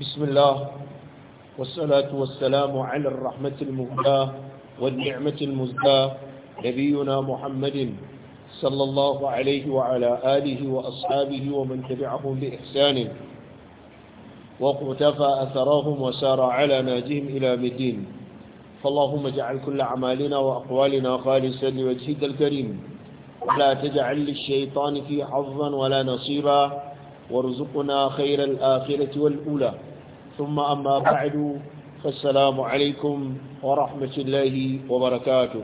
بسم الله والصلاة والسلام على الرحمة المهداة والنعمة المزداة نبينا محمد صلى الله عليه وعلى آله وأصحابه ومن تبعهم بإحسان واقتفى أثرهم وسار على ناجهم إلى مدين فاللهم اجعل كل أعمالنا وأقوالنا خالصا لوجهك الكريم ولا تجعل للشيطان في حظا ولا نصيبا وارزقنا خير الآخرة والأولى ثم أما بعد فالسلام عليكم ورحمة الله وبركاته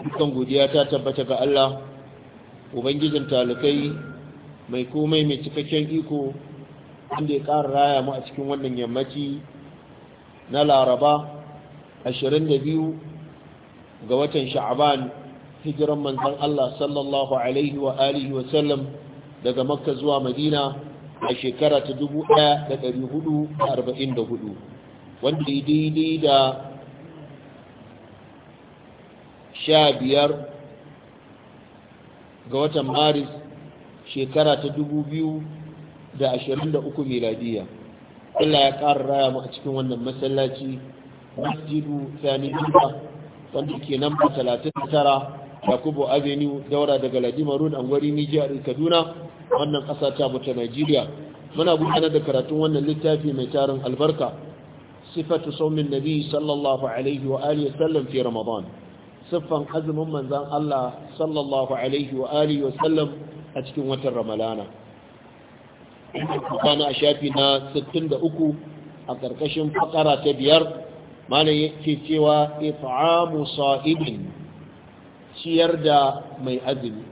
dukkan godiya ta tabbata ga Allah ubangijin talikai mai komai mai cikakken iko wanda ya ƙara raya mu a cikin wannan yammaci na laraba 22 ga watan sha'aban hijiran manzon Allah sallallahu daga makka zuwa madina a shekara ta 1444 wanda daidai da sha biyar ga watan maris shekara ta 2023 miladiya Allah ya ƙara raya mu a cikin wannan masallaci masjidu sani duka wanda ke nan ba 39 yakubu avenue daura daga ladimarun an gwari nijiyar kaduna wannan ƙasa ta mutu Najeriya muna gudanar da karatun wannan littafi mai tarin albarka sifatu saumin nabi sallallahu alaihi wa alihi sallam fi ramadan siffan azumin manzon Allah sallallahu alaihi wa alihi sallam a cikin watan ramalana kana a shafi na 63 a karkashin fakara ta biyar malam yake cewa it'amu sa'ibin ciyar da mai azumi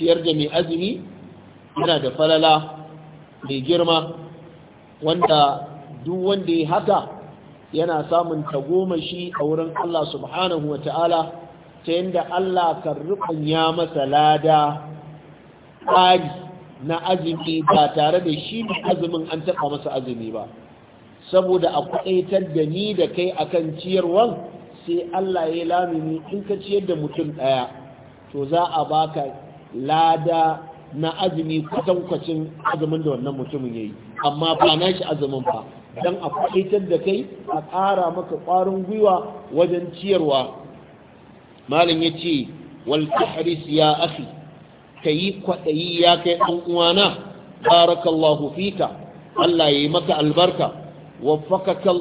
ciyar da mai azumi yana da falala mai girma wanda duk wanda ya haka yana samun tagomashi a wurin Allah subhanahu wa ta'ala ta yadda Allah kan ya masa lada ƙari na azumi ba tare da shi azumin an taɓa masa azumi ba saboda a kwaɗaitar da ni da kai akan ciyarwan sai Allah ya lamini in ka ciyar da mutum ɗaya to za a baka lada na azumi kwacin azumin da wannan mutumin ya yi amma ba na shi azumin ba don a fahimtar da kai a ƙara maka ƙwarin gwiwa wajen ciyarwa malin ya ce waltahris ya afi ka yi kwaɗayi ya kai ɗan uwana barakallahu fika Allah ya yi maka albarka wafakaka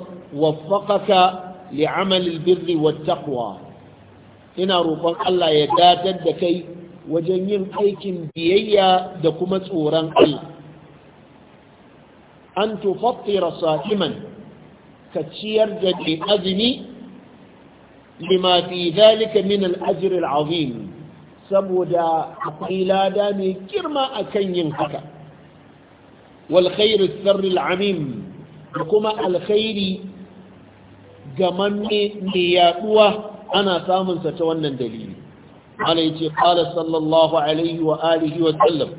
li birni birri wattaqwa ina roƙon Allah ya datar da kai wajen yin aikin biyayya da kuma tsoron Allah an tufattira sa'iman ka ciyar da ke azumi lima fi zalika min al-ajr saboda akwai lada mai girma akan yin haka wal khairu sarr da kuma alkhairi ga gamanne mai yaduwa ana samunsa ta wannan dalili ana ce qala sallallahu alaihi wa alihi wa sallam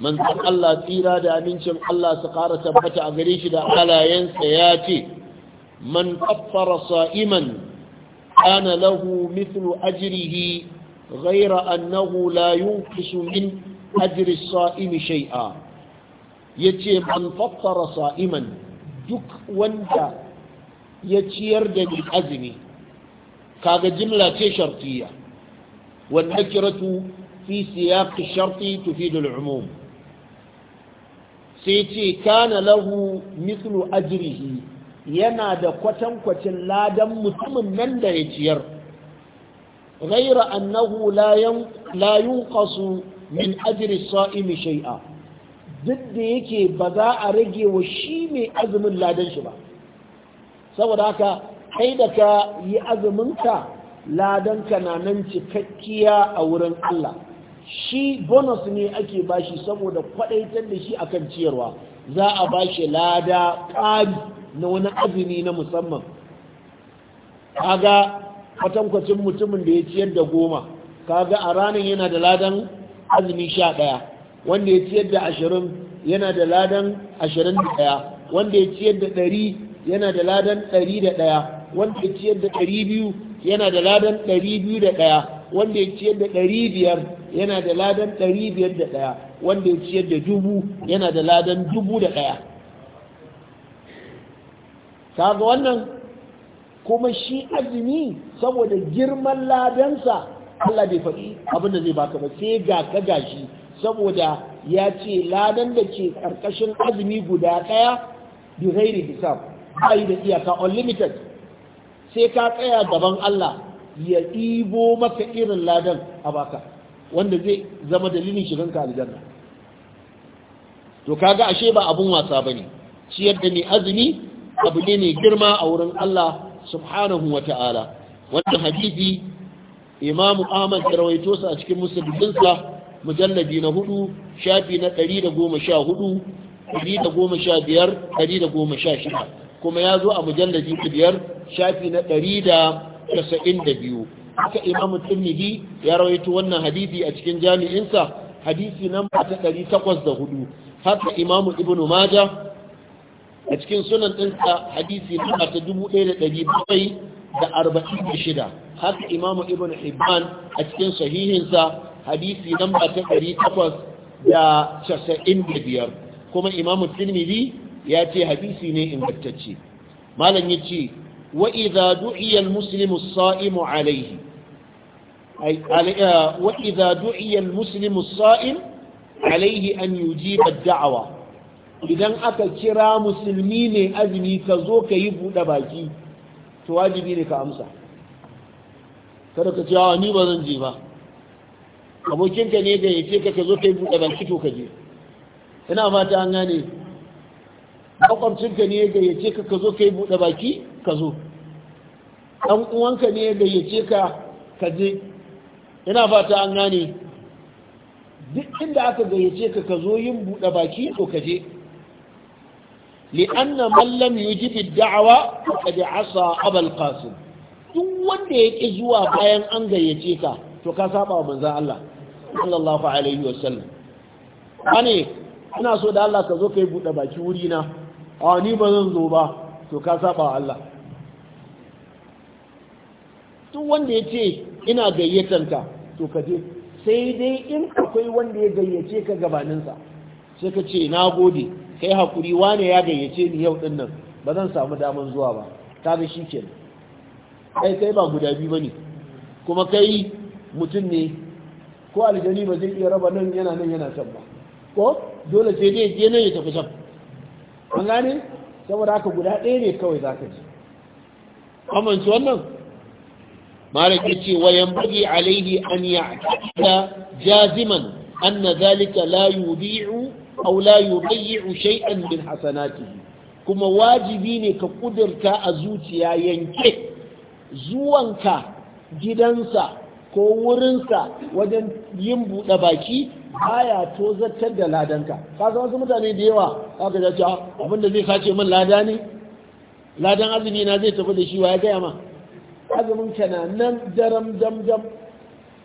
man Allah tsira da amincin Allah su ƙara tabbata a gare shi da halayensa ya ce man kaffara sa'iman kana lahu mithlu ajrihi ghayra annahu la yunqisu min ajri as-sa'imi shay'a yace man faffara sa'iman duk wanda ya ciyar da ni azumi kaga jimla ce shartiyya والنكرة في سياق الشرط تفيد العموم سيتي كان له مثل أجره ينادى قتن قتن لا دم متمن لا يتير غير أنه لا ينقص من أجر الصائم شيئا duk da yake ba za a rage wa shi mai azumin ladan shi ba saboda haka kai da ka yi azuminka Ladan kananan cikakkiya a wurin Allah shi bonus ne ake bashi saboda kwadaitar da shi akan ciyarwa za a bashi lada ƙari na wani azumi na musamman kaga kwatankwacin mutumin da ya ciyar da goma kaga a ranar yana da ladan azumi sha ɗaya wanda ya ciyar da ashirin yana da ladan ashirin da ɗaya wanda ya ciyar da ɗari yana da ladan ɗari da ɗaya wanda ya ciyar da ɗari biyu yana da ladan 201 wanda ya ciyar da 500 yana da ladan 501 wanda ya ciyar da dubu yana da ladan 1001 kaga wannan kuma shi azumi saboda girman ladansa Allah bai faɗi abin da zai baka ba sai ga ka gashi saboda ya ce ladan da ke ƙarƙashin azumi guda ɗaya bi ghairi hisab ba yi da iyaka unlimited sai ka tsaya gaban Allah ya ɗibo maka irin ladan a baka wanda zai zama dalilin ka aljanna to kaga ashe ba abun wasa bane ciyar da ni azumi abu ne mai girma a wurin Allah subhanahu wata'ala wannan hadisi Imam Ahmad ya rawaito sa a cikin musnadin sa mujallabi na 4 shafi na 114 115 116 kuma ya zo a mujallaji biyar shafi na ɗari da casa'in da biyu haka imamu tirmidhi ya rawaito wannan hadisi a cikin jami'insa hadisi ba ta ɗari takwas da hudu haka imamu ibnu maja a cikin sunan ɗinsa hadisi ba ta dubu ɗaya da ɗari bakwai da arba'in da shida haka imamu ibnu hibban a cikin sahihinsa hadisi namba ta ɗari takwas da casa'in da biyar kuma imamu tirmidhi ya ce hadisi ne ingantacce malam ya ce wa idha du'iya al saimu alayhi eh, wa idha du'iya al saim alayhi an yujiba ad-da'wa idan aka kira musulmi ne azumi ka zo ka yi buɗe baki to wajibi ne ka amsa kada ka cewa ah, ni ba zan je ba abokinka ne ga yace ka ka zo ka yi buɗe baki to ka je ina fata an gane makwabcinka ne ya gayyace ka ka zo ka yi buɗe baki ka zo ɗan uwanka ne ya gayyace ka ka je ina fata an gane duk inda aka gayyace ka ka zo yin buɗe baki ko ka je anna man lam yujibi da'wa faqad asa Abal qasim duk wanda ya ƙi zuwa bayan an gayyace ka to ka saba wa manzon Allah sallallahu alaihi wasallam ane ina so da Allah ka zo kai buɗe baki wuri na a ni ba zan zo ba to ka saba Allah Tun wanda ya ce ina gayyatanka to ka je sai dai in akwai wanda ya gayyace ka gabaninsa sai ka ce na gode kai hakuri wane ya gayyace ni yau dinnan, nan ba zan samu daman zuwa ba da shi kenan kai kai ba guda biyu bane kuma kai mutum ne ko aljani ba zai iya raba nan yana nan yana can ba ko dole sai dai je nan ya tafi can an gane saboda haka guda ɗaya ne kawai za ka ci amince wannan malaki ce wa bagi alaihi an ta jaziman anna zalika Layu Bi'u, Au Layu, yubayyi'u shay'an bin hasanati kuma wajibi ne ka kudurta a zuciya yanke zuwanka gidansa ko wurinsa wajen yin buɗe baki baya to zartar da ladanka ka zama su mutane da yawa aka ka cewa abinda zai sace min lada ne ladan azumi na zai tafi da shi wa ya gaya ma azumin ka na nan daram dam dam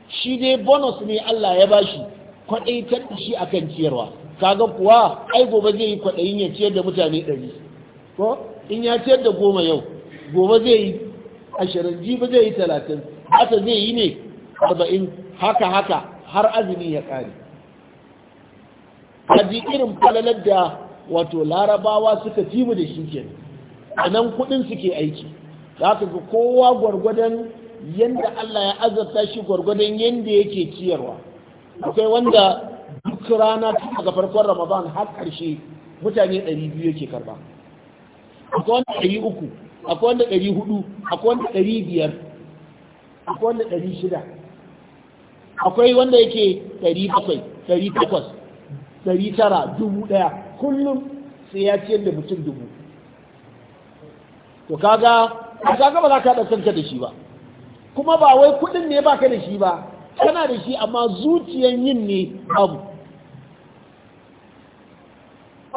shi dai bonus ne Allah ya bashi kwaɗaitar ta shi akan ciyarwa kaga kuwa ai gobe zai yi kwaɗayin ya ciyar da mutane ɗari ko in ya ciyar da goma yau gobe zai yi ashirin jibi zai yi talatin haka zai yi ne arba'in haka haka har azumi ya ƙare haji irin falalar da wato larabawa suka ci mu da shi ke a nan kudin suke aiki za ka ga kowa gwargwadon yadda Allah ya azabta shi gwargwadon yadda yake ciyarwa akwai wanda duk rana tun daga farkon ramadan har karshe mutane 200 yake karba akwai wanda 300 akwai wanda 400 akwai wanda 500 akwai wanda 600 akwai wanda yake 700 800 ɗari tara dubu ɗaya kullum sai ya ciyar da mutum dubu to kaga a ba za ka haɗa kanka da shi ba kuma ba wai kuɗin ne baka da shi ba kana da shi amma zuciyan yin ne abu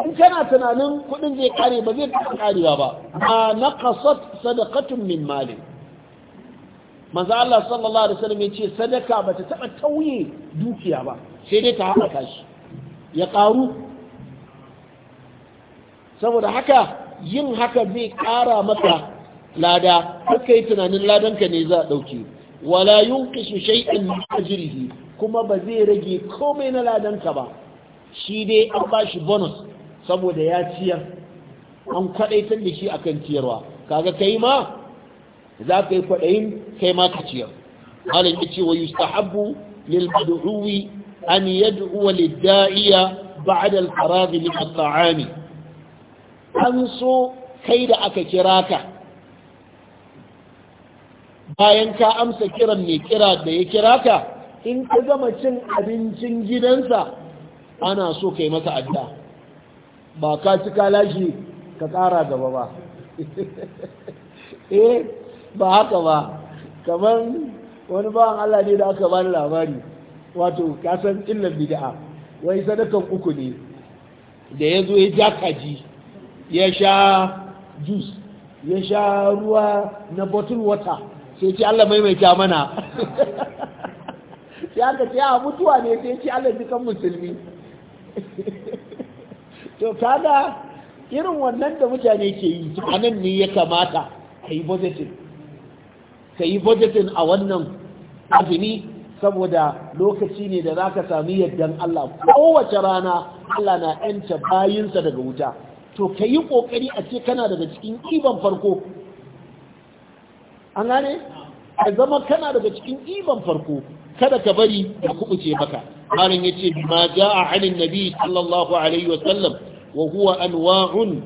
in kana tunanin kuɗin zai kare ba zai taɓa karewa ba ma naqasat sadaqatun min malin manzo Allah sallallahu alaihi wasallam ce sadaka bata taɓa tauye dukiya ba sai dai ta haɗa shi ya ƙaru saboda haka yin haka zai ƙara maka lada haka yi tunanin ladanka ne za a ɗauke wala yun kishi shai'in ajirhi kuma ba zai rage komai na ladanka ba shi dai an ba shi bonus saboda ya ciyar an kwaɗaitar da shi akan ciyarwa kaga kai ma za ka yi kwaɗayin kai ma ka ciyar halin ya ce wa yustahabbu lil mad'uwi أن يدعو للدائية بعد الفراغ kai da aka kira ka. bayan ka amsa kiran mai kira da ya kira ka in ka gama cin abincin gidansa ana so ka yi masa adda ba ka ci kalashi ka ƙara gaba ba eh ba haka ba kamar wani bawan Allah ne da aka bani labari wato kasan illar bid'a wai sadakan uku ne da ya zo ya ja kaji ya sha juice ya sha ruwa na bottle water sai ce Allah maimaita mana sai aka ce a mutuwa ne sai ce Allah dukan musulmi to kaga irin wannan da mutane ke yi anan ne ya kamata ka yi budgeting ka yi budgeting a wannan azumi saboda lokaci ne da ka sami yaddan Allah kowace rana Allah na yanta bayinsa daga wuta to ka yi ƙoƙari a ce kana daga cikin iban farko an gane a zama kana daga cikin iban farko kada ka bari da kubuce maka malam yace ma ja a anin nabi sallallahu alaihi wasallam wa huwa anwa'un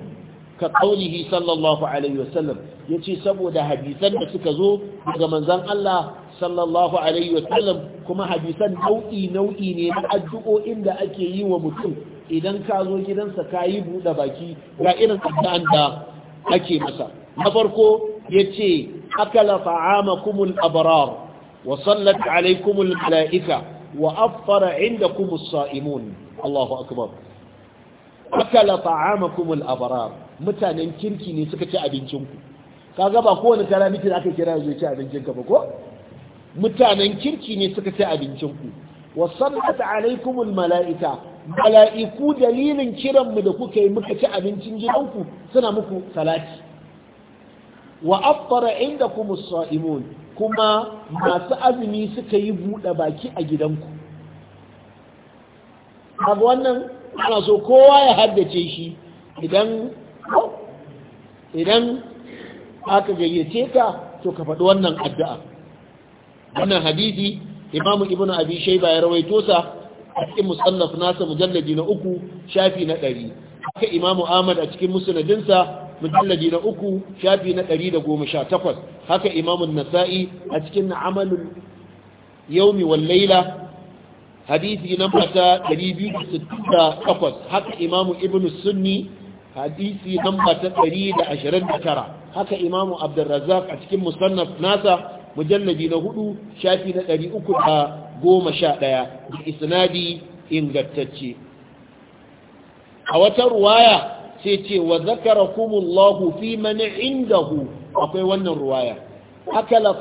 ka qawlihi sallallahu alaihi wasallam ya ce saboda hadisan da suka zo daga manzan Allah sallallahu alaihi wasallam kuma hadisan nau'i nau'i ne na addu'o'in da ake yi wa mutum idan ka zo gidansa ka yi buɗe baki ga irin addu'an da ake masa na farko ya ce akala fa'amakumul abrar wa sallat alaikumul mala'ika wa afara indakumus sa'imun Allahu akbar akala fa'amakumul abrar mutanen kirki ne suka ci abincinku Ka kaga ba kowane kara miki da aka kira zai ci abincin ka ba ko mutanen kirki ne suka ci abincin ku wa sallat alaikumul malaika mala'iku dalilin kiran mu da kuka yi muka ci abincin gidanku suna muku salati wa afṭara indakum as-sa'imun kuma masu azumi suka yi buɗe baki a gidanku kaga wannan ana so kowa ya haddace shi idan idan aka gayyace ka to ka faɗi wannan addu'a wannan hadisi imam ibn abi shayba ya rawaito sa a cikin musannaf nasa mujalladi na uku shafi na ɗari haka imam ahmad a cikin musnadinsa mujalladi na uku shafi na ɗari da goma sha takwas haka imam nasa'i a cikin amalul yaumi wal laila hadisi na mata 268 haka imam ibn sunni hadisi namba ta 129 haka imamu abdurrazzak a cikin musannaf nasa mujallabi na hudu shafi na ɗari uku da goma sha ɗaya da isnadi ingantacce a wata ruwaya sai ce wa zakara kumullahu fi mani indahu akwai wannan ruwaya akala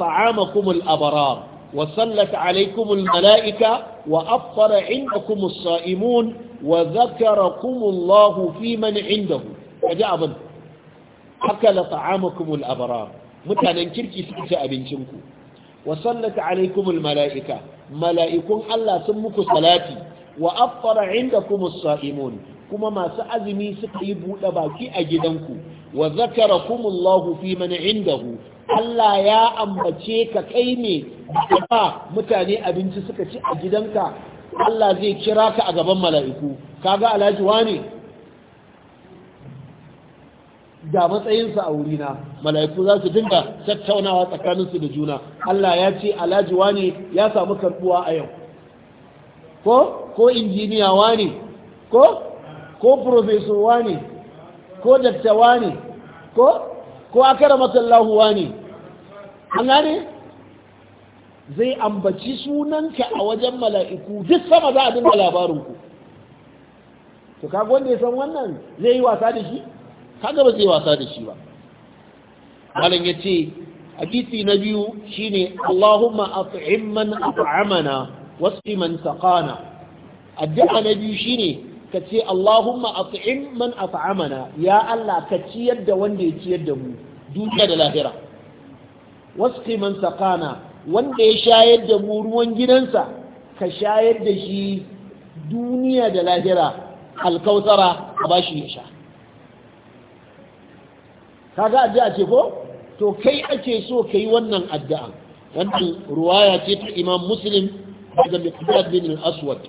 kumul abara wa sallata alaikumul mala'ika wa afṭara indakumus sa'imun wa zakarakumullahu fi mani indahu kaji abin akala ta'amakumul abrar mutanen kirki suka ci abincinku wa sallata alaikumul mala'ika mala'ikun Allah sun muku salati wa afṭara 'indakumus sa'imun kuma masu azumi suka yi buɗe baki a gidanku wa zakarakumullahu fi man 'indahu Allah ya ambace ka kai ne ba mutane abinci suka ci a gidanka Allah zai kira ka a gaban mala'iku Ka ga alhaji wane ga matsayinsa a wurina mala'iku za su dinga tattaunawa tsakaninsu da juna Allah ya ce alhaji wani ya samu karbuwa a yau ko ko injiniya wani, ko ko professor wani, ko dakta wane ko ko akara matallahu an gane zai ambaci sunanka a wajen mala'iku duk sama za a dinga labarinku to kaga wanda ya san wannan zai yi wasa da shi kaga ba zai wasa da shi ba malam yace hadisi na biyu shine Allahumma at'im man at'amana wasqi man saqana addu'a na biyu shine kace Allahumma at'im man at'amana ya Allah ka ciyar da wanda ya ciyar da mu duniya da lahira wasqi man saqana wanda ya shayar da mu ruwan gidansa ka shayar da shi duniya da lahira alkautara ba shi ya sha kaga addu'a ce ko to kai ake so kai wannan addu'a wannan ruwaya ce ta imam muslim daga miqdad bin al-aswad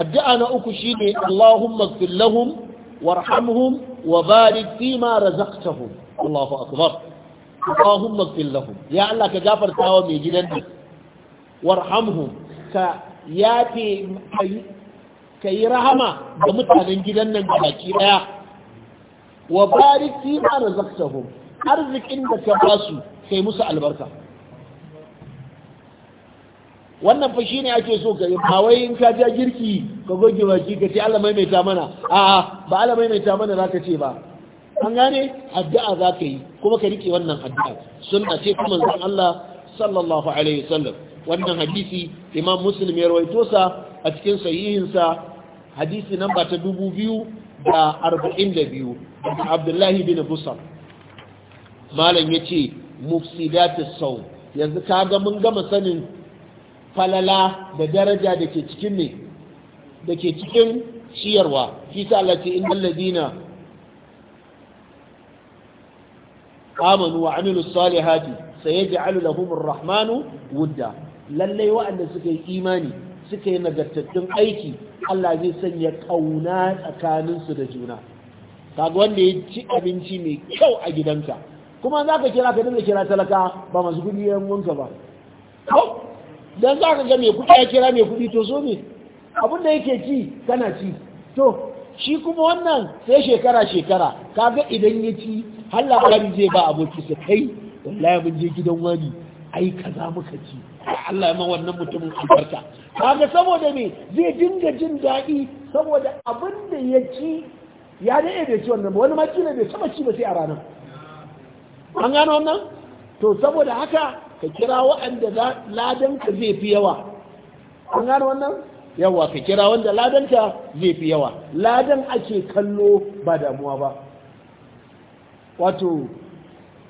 addu'a na uku shine allahumma ighfir lahum warhamhum wa barik fima razaqtahum allahu akbar allahumma ighfir lahum ya allah ka gafarta wa mai gidan nan warhamhum ka yafe kai rahama ga mutanen gidan nan baki daya wa bariki fi ma razaqtahum arzikin da ka ba su kai musu albarka wannan fa shine ake so ka ba wai in ka ja girki ka goge baki ka ce Allah maimaita mana a'a ba Allah maimaita mana zaka ce ba an gane addu'a zaka yi kuma ka rike wannan addu'a sunna ce kuma zan Allah sallallahu alaihi wasallam wannan hadisi Imam Muslim ya rawaito sa a cikin sahihinsa hadisi namba ta dubu biyu. da arba'in da biyu abdullahi bin busar malam ya ce mufsidatis sau yanzu kaga mun gama sanin falala da daraja da ke cikin ne da ke cikin ciyarwa fi ta Allah ce innal ladina amanu wa amilus salihati sayaj'alu lahumur rahmanu wudda lallai wa'anda suka yi imani suka yi nagartattun aiki Allah zai sanya kauna tsakaninsu da juna kaga wanda ya ci abinci mai kyau a gidanka kuma za ka kira ka dinga kira talaka ba masu kudi yan wanka ba Don za ka ga mai kudi ya kira mai kudi to so ne abin da yake ci kana ci to shi kuma wannan sai shekara shekara kaga idan ya ci har labari zai ba aboki kai wallahi mun je gidan wani ai kaza muka ci Allah ma wannan mutumin albarka kaga saboda me zai dinga jin daɗi saboda abin da ya ci ya daɗe da ci wannan wani ma kila bai saba ci ba sai a ranar an gano wannan to saboda haka ka kira waɗanda ladanka zai fi yawa an gano wannan yawa ka kira wanda ladanka zai fi yawa ladan ake kallo ba damuwa ba wato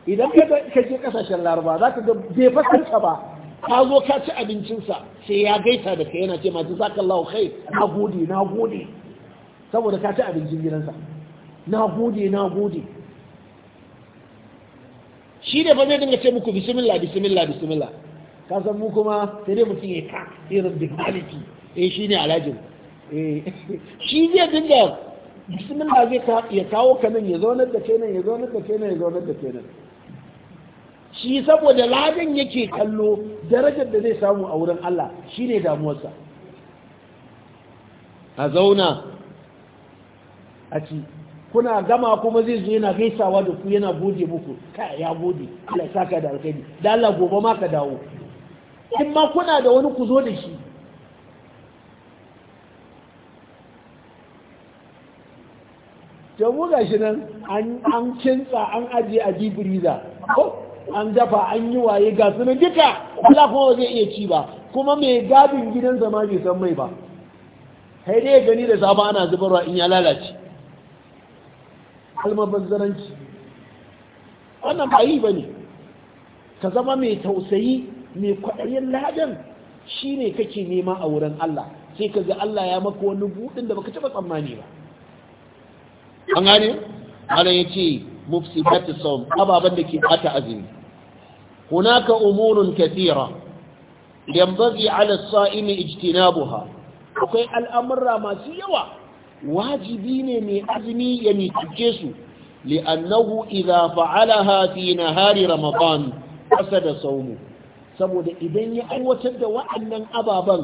idan ka je kasashen laraba za ka ga bai fasarka ba ka zo ka ci abincinsa sai ya gaita da kai yana ce ma jazakallahu kai na gode na gode saboda ka ci abincin gidansa na gode na gode shi ne ba zai dinga ce muku bismillah bismillah bismillah ka san mu kuma sai dai mutum ya ka irin dignity eh shi ne alhajin eh shi zai dinga bismillah zai ya kawo ka nan ya zaunar da kenan nan ya zaunar da kenan nan ya zaunar da kenan nan shi saboda lagan yake kallo darajar da zai samu a wurin Allah shi ne damuwarsa a zauna a ci kuna gama kuma zai zo yana gaisawa da ku yana gode muku ka ya gode Allah ya saka da alkhairi da Allah gobe ma ka dawo in ma kuna da wani ku zo da shi jamu gashi nan an kinsa an aje a dibiriza an dafa an yi waye ga sunan duka Allah kuma zai iya ci ba kuma mai gadin gidan zama bai san mai ba sai dai gani da safa ana zubarwa in ya lalace almabazzaranci wannan ba yi ba ne ka zama mai tausayi mai kwaɗayin ladan shi ne kake nema a wurin Allah sai ka ga Allah ya maka wani buɗin da baka taɓa tsammani ba an gane? Allah ya ce mufsi bat ababen da ke bata azumi هناك أمور كثيرة ينبغي على الصائم اجتنابها akwai al'amurra masu yawa wajibi ne mai azumi ya mituke su li'annahu idza na hari nahari kasa da saumu saboda idan ya aiwatar da wa'annan ababen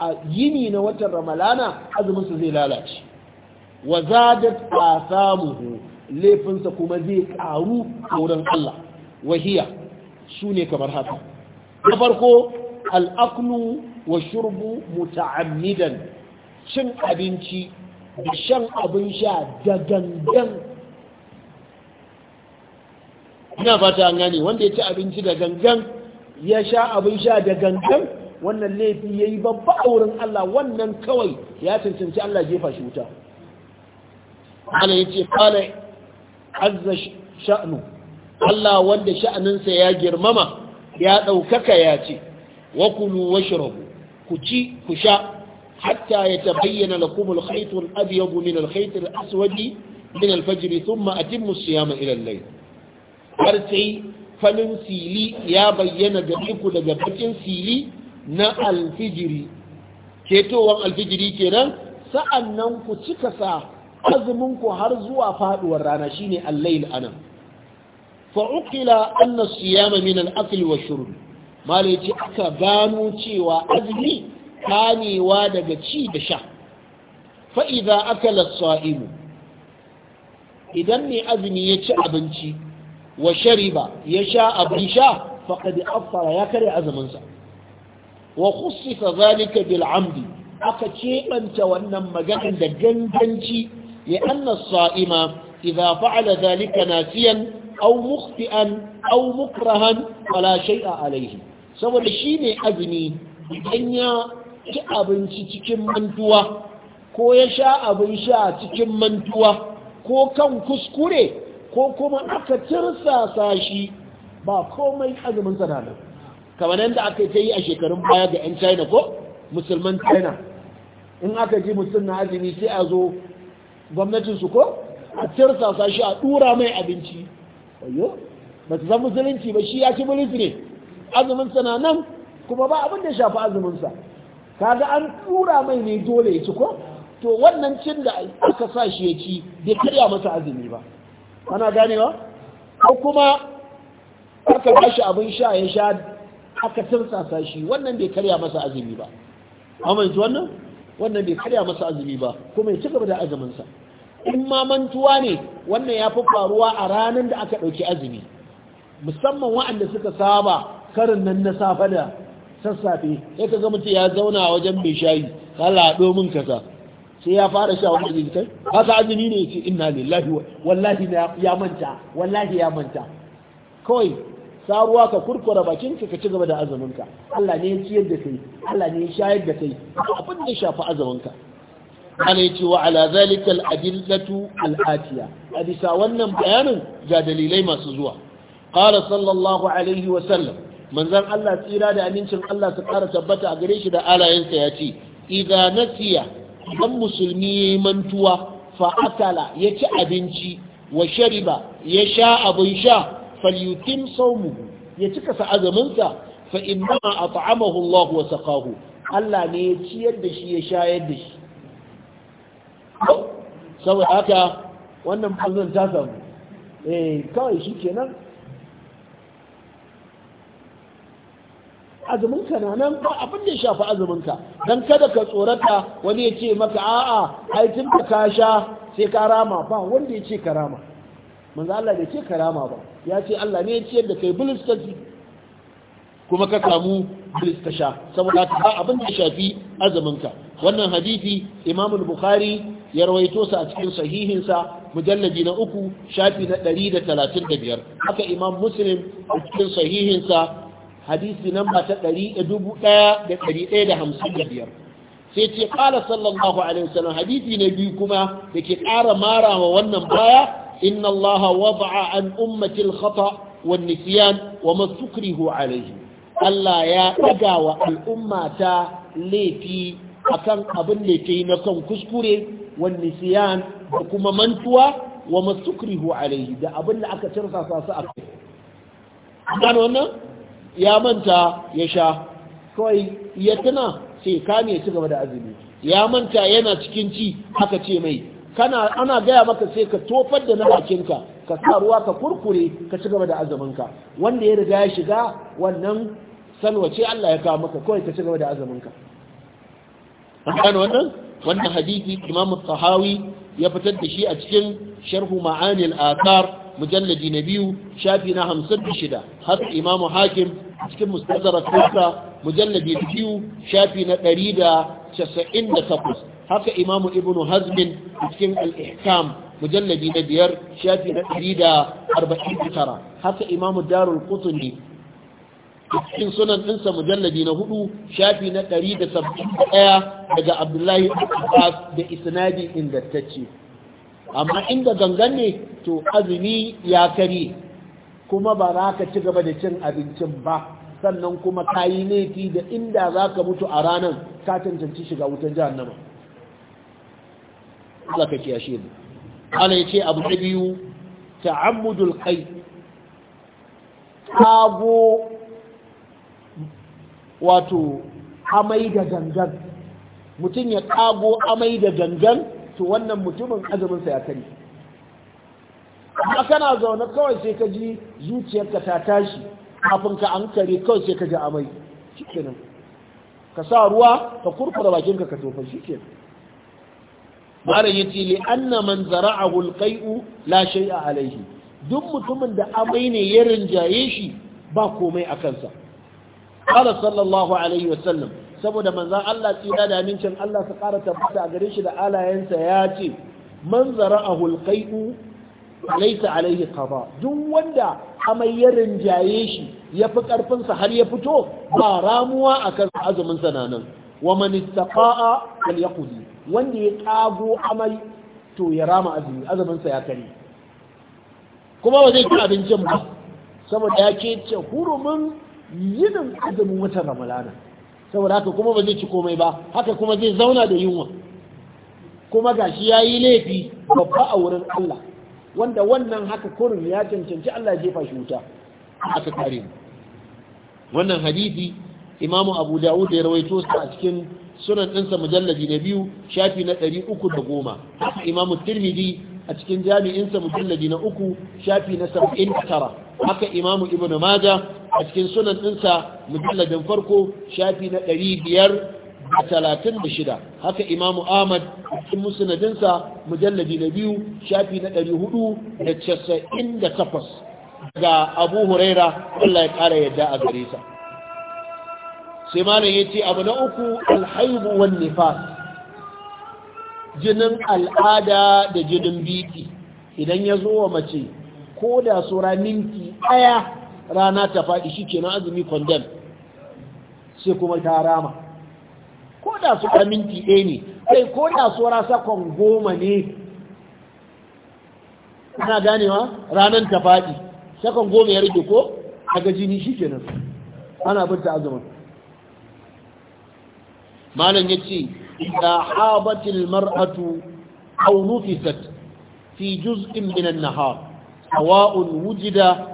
a gini na watan ramalana azumin su zai lalace wa zadat asamuhu laifinsa kuma zai karu wurin Allah wahiya su ne kamar haka na farko alaknu wa shurbu muta'ammidan cin abinci da shan abin sha da gangan ina fata an gane wanda ya ci abinci da gangan ya sha abin sha da gangan wannan laifi ya yi babba a wurin Allah wannan kawai ya cancanci Allah jefa shi wuta. Allah ya ce, "Kala azza sha'nu." Allah wanda sha'aninsa ya girmama ya ɗaukaka ya ce wa kulu washrabu ku ci ku sha hatta ya ta bayyana khayt al-abyad min al-khayt al-aswad min al-fajr thumma atimmu as-siyama har sai falin sili ya bayyana ga ku daga bakin sili na alfijiri ketowar alfijiri kenan sa'annan ku cika sa azumin ku har zuwa faduwar rana shine al-layl anan fa'ukila annas siyama min al wa shurb mala aka gano cewa azumi kanewa daga ci da sha Fa'iza aka lasaimu idan ne azumi ya ci abinci wa shariba ya sha abin sha faqad afara ya kare azuminsa wa khussisa zalika bil aka cebanta wannan maganar da ganganci ya anna as-sa'ima idza fa'ala zalika nasiyan aw mukhti'an aw mukrahan wala shay'a alayhi saboda shine azumi idan ya ci abinci cikin mantuwa ko ya sha abin sha cikin mantuwa ko kan kuskure ko kuma aka tirsasa shi ba komai azumin sa nan kamar yadda aka ta yi a shekarun baya ga 'yan china ko musulman china in aka ji mutum na azumi sai a zo gwamnatinsu ko a tirsasa shi a dura mai abinci wayo ba su san musulunci ba shi ya ci ne azumin sa na nan kuma ba abin da ya shafi azumin sa kaga an tura mai ne dole ya ci ko to wannan cin da aka sa shi ya ci bai karya masa azumi ba ana ganewa ko kuma aka shi abin sha ya sha aka sa shi wannan bai karya masa azumi ba amince wannan wannan bai karya masa azumi ba kuma ya ci gaba da azumin sa in ma mantuwa ne wannan ya fi faruwa a ranar da aka ɗauki azumi musamman waɗanda suka saba karin nan na safe da sassafe sai ka mutum ya zauna a wajen mai shayi kala domin kasa sai ya fara sha wani azumi kai haka azumi ne ce inna lillahi wallahi ya manta wallahi ya manta kawai saruwa ka kurkura bakinka ka ci gaba da azuminka Allah ne ya ciyar da kai Allah ne ya shayar da kai abin da shafi azuminka ana yace wa ala zalika al-adillatu a bisa wannan bayanin ga dalilai masu zuwa qala sallallahu alaihi wa sallam manzon Allah tsira da amincin Allah su ƙara tabbata a gare shi da alayensa ya ce idza nasiya dan musulmi yi mantuwa fa ya ci abinci wa shariba ya sha abin sha falyutim sawmuhu ya cika sa azaminsa nama a at'amahu Allah wa saqahu Allah ne ya ciyar da shi ya shayar da shi saboda haka wannan bazan ta samu eh kawai shi kenan azumin ka na nan ba abin da ya shafi azumin ka dan kada ka tsorata wani ya ce maka a'a ai tun ka sha sai ka rama ba wanda ya ce ka rama manzo Allah bai ce ka rama ba ya ce Allah ne ya ce da kai bilis ka kuma ka kamu bilis ka sha saboda ba abin da ya shafi azumin ka wannan hadisi imam al-bukhari ya rawaito sa a cikin sahihin sa mujalladi na uku shafi na 135 haka imam muslim a cikin sahihin sa hadisi namba ta 1155 sai ce qala sallallahu alaihi wasallam hadithi na biyu kuma ke ƙara mara wa wannan baya inna allaha wada'a an ummati al-khata wa nisyan wa ma alaihi Allah ya ɗaga wa ta laifi akan abin da yi na kan kuskure wani siyan da kuma mantuwa wa masu a alayhi da abin da aka cirsa sa su akai gano wannan ya manta ya sha kawai ya tuna sai kame ya ci gaba da azumi ya manta yana cikin ci haka ce mai kana ana gaya maka sai ka tofar da na bakinka ka sa ruwa ka kurkure ka ci gaba da azuminka wanda ya riga ya shiga wannan salwace Allah ya kawo maka kawai ka ci gaba da azuminka an gano wannan wannan hadisi imam sahawi ya fitar da shi a cikin sharhu ma'anil athar mujalladi na biyu shafi na hamsin da shida har imam hakim cikin mustadrak kusa mujalladi na biyu shafi na ɗari da casa'in da takwas haka imam ibnu hazmin cikin al-ihkam mujalladi na biyar shafi na ɗari da arba'in da tara haka imam darul ne. cikin sunan ɗinsa mujallabi na hudu shafi na ɗari da saba'in ɗaya daga abdullahi abbas da isnadi ingantacce amma inda gangan ne to azumi ya kare kuma ba za ka ci gaba da cin abincin ba sannan kuma kayi yi da inda za ka mutu a ranar ka cancanci shiga wutan jahannama za ka kiyashe ne ana ce abu na biyu ta'ammudul kai kago wato amai da gangan mutum ya kago amai da gangan to wannan mutumin azuminsa ya kari amma kana zaune kawai sai ka ji zuciyarka ta tashi kafin ka an kare kawai sai ka ji amai shikenan ka sa ruwa ka kurkura bakinka ka tofa shikenan mara yace li anna man zara'ahu alqai'u la shay'a alayhi duk mutumin da amai ne ya rinjaye shi ba komai a kansa qala sallallahu alaihi wasallam saboda manzan Allah tsira da amincin Allah su ƙara tabbata a gare shi da alayensa ya ce man a alqai'u laisa alaihi qada duk wanda amai ya rinjaye shi ya fi ƙarfinsa har ya fito ba ramuwa akan azumin sa nan wa man istaqa'a falyaqdi wanda ya kago amai to ya rama azumi azumin sa ya kare kuma ba zai ci abincin ba saboda ya ce hurumin yinin azumin watan ramadana saboda haka kuma ba zai ci komai ba haka kuma zai zauna da yunwa kuma gashi ya yi laifi babba a wurin Allah wanda wannan haka kurin ya cancanci Allah jefa shi wuta a kare mu wannan hadisi imamu abu dawud ya rawaito sa a cikin sunan ɗinsa mujallabi na biyu shafi na ɗari uku da goma haka imamu tirmidhi a cikin jami'insa mujallabi na uku shafi na saba'in tara haka imamu Ibn maja a cikin sunan ɗinsa mujalladin farko shafi na ɗari biyar da talatin da shida haka imamu ahmad a cikin musnadinsa mujalladi na biyu shafi na ɗari hudu da casa'in da takwas ga abu huraira allah ya ƙara yadda a gare sa sai malam ya ce abu na uku alhaibu wan nifas jinin al'ada da jinin biki idan ya zo wa mace ko da sura minti ɗaya rana ta faɗi shi na azumi condem sai kuma ta rama ko da su minti ɗaya ne sai ko da su rasa kwan goma ne ana ganewa ranar ta faɗi sakon goma ya rike ko a jini shi ke ana binta azumin malon ya ce da habatil mar'atu a nufisat fi juz'in na an-nahar sawa'un wujida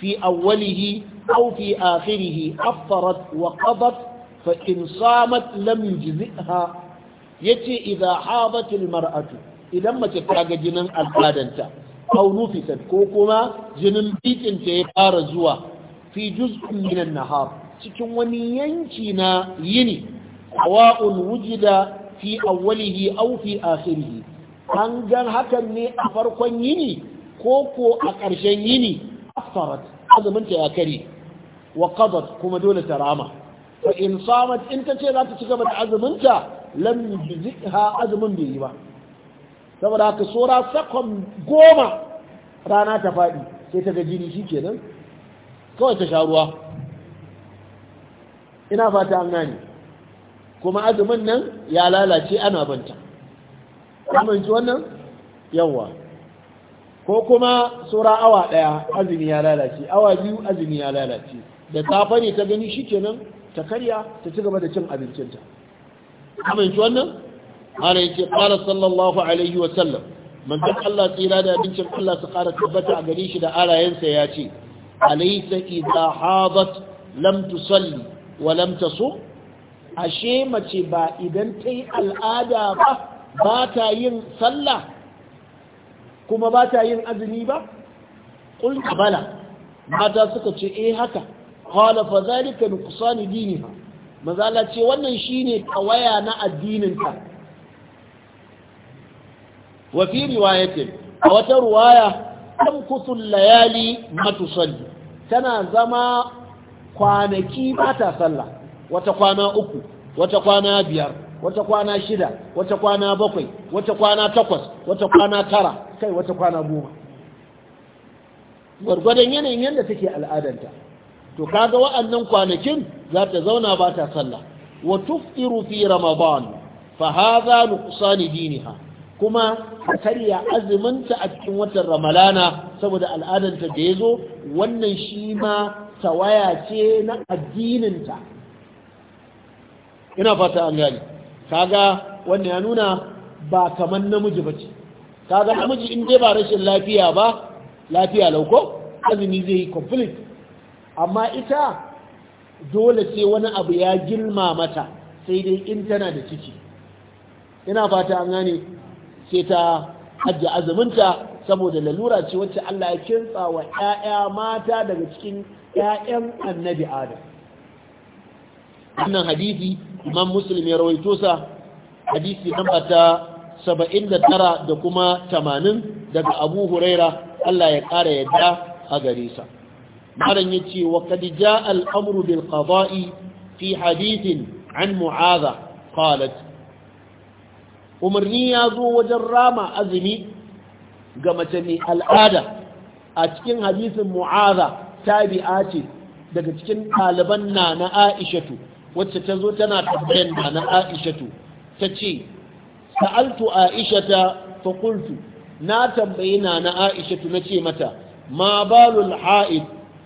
في أوله أو في آخره أفطرت وقضت فإن صامت لم يجزئها يتي إذا حاضت المرأة إذا ما تفرق جنن القادنة أو نفست كوكما جنن بيت انتهار زوا في جزء من النهار تتونينكنا يني سواء وجد في أوله أو في آخره an gan hakan ne a farkon yini ko ko a ƙarshen yini aftarat azumin ta ya karye wa qadat kuma dole ta rama fa in samat in ta ce za ta ci gaba da azumin ta lam azumin bai yi ba saboda haka sora sakon goma rana ta faɗi sai ta ga jini shi kenan kawai ta sha ruwa ina fata an gane kuma azumin nan ya lalace ana banta amince wannan yawa ko kuma saura awa ɗaya azumi ya lalace awa biyu azumi ya lalace da safe ne ta gani shi kenan ta karya ta ci gaba da cin abincinta amince wannan ana yake fara sallallahu alaihi wa man manzon Allah tsira da abincin Allah su kara tabbata a gare shi da alayensa ya ce alaysa idha hadat lam tusalli wa lam tasum ashe mace ba idan ta yi al'ada ba ba ta yin sallah kuma ba ta yin azumi ba qul bala mata suka ce eh haka qala fa zalika nuqsan dini maza Mazala ce wannan shine kawaya na addinin ta wa fi a wata riwaya kusur layali matusalli tana zama kwanaki ba ta sallah wata kwana uku wata kwana biyar wata kwana shida wata kwana bakwai wata kwana takwas wata kwana tara kai wata kwana goma gwargwadon yanayin yadda take al'adanta to kaga wa'annan kwanakin za ta zauna ba ta sallah wa tufiru fi ramadan fa hadha nuqsan diniha kuma karya azuminta a cikin watan ramalana saboda al'adanta da yazo wannan shi ma tawaya ce na addininta ina fata an gani kaga wannan ya nuna ba kamar namiji bace kaga namiji in dai ba rashin lafiya ba lafiya lauko azumi zai yi complete amma ita dole sai wani abu ya girma mata sai dai in tana da ciki ina fata an gane sai ta hajji azuminta saboda lalura ce wacce Allah ya kinsa wa ‘ya'ya mata daga cikin ‘ya'yan annabi Adam. Wannan hadisi imam muslim ya rawaito sa hadisi namba ta saba'in da kuma tamanin daga abu huraira Allah ya ƙara yadda a gare sa maran ce wa Kadija al-amru bil fi hadithin an mu'aza qalat umarni ya zo wajen rama azumi ga mace mai al'ada a cikin hadisin mu'adha tabi'a ce daga cikin ɗaliban na na aishatu wacce ta zo tana tambayan na na aishatu ta ce sa'altu aishata fa qultu na tambayi na na aishatu na ce mata ma balul ha'id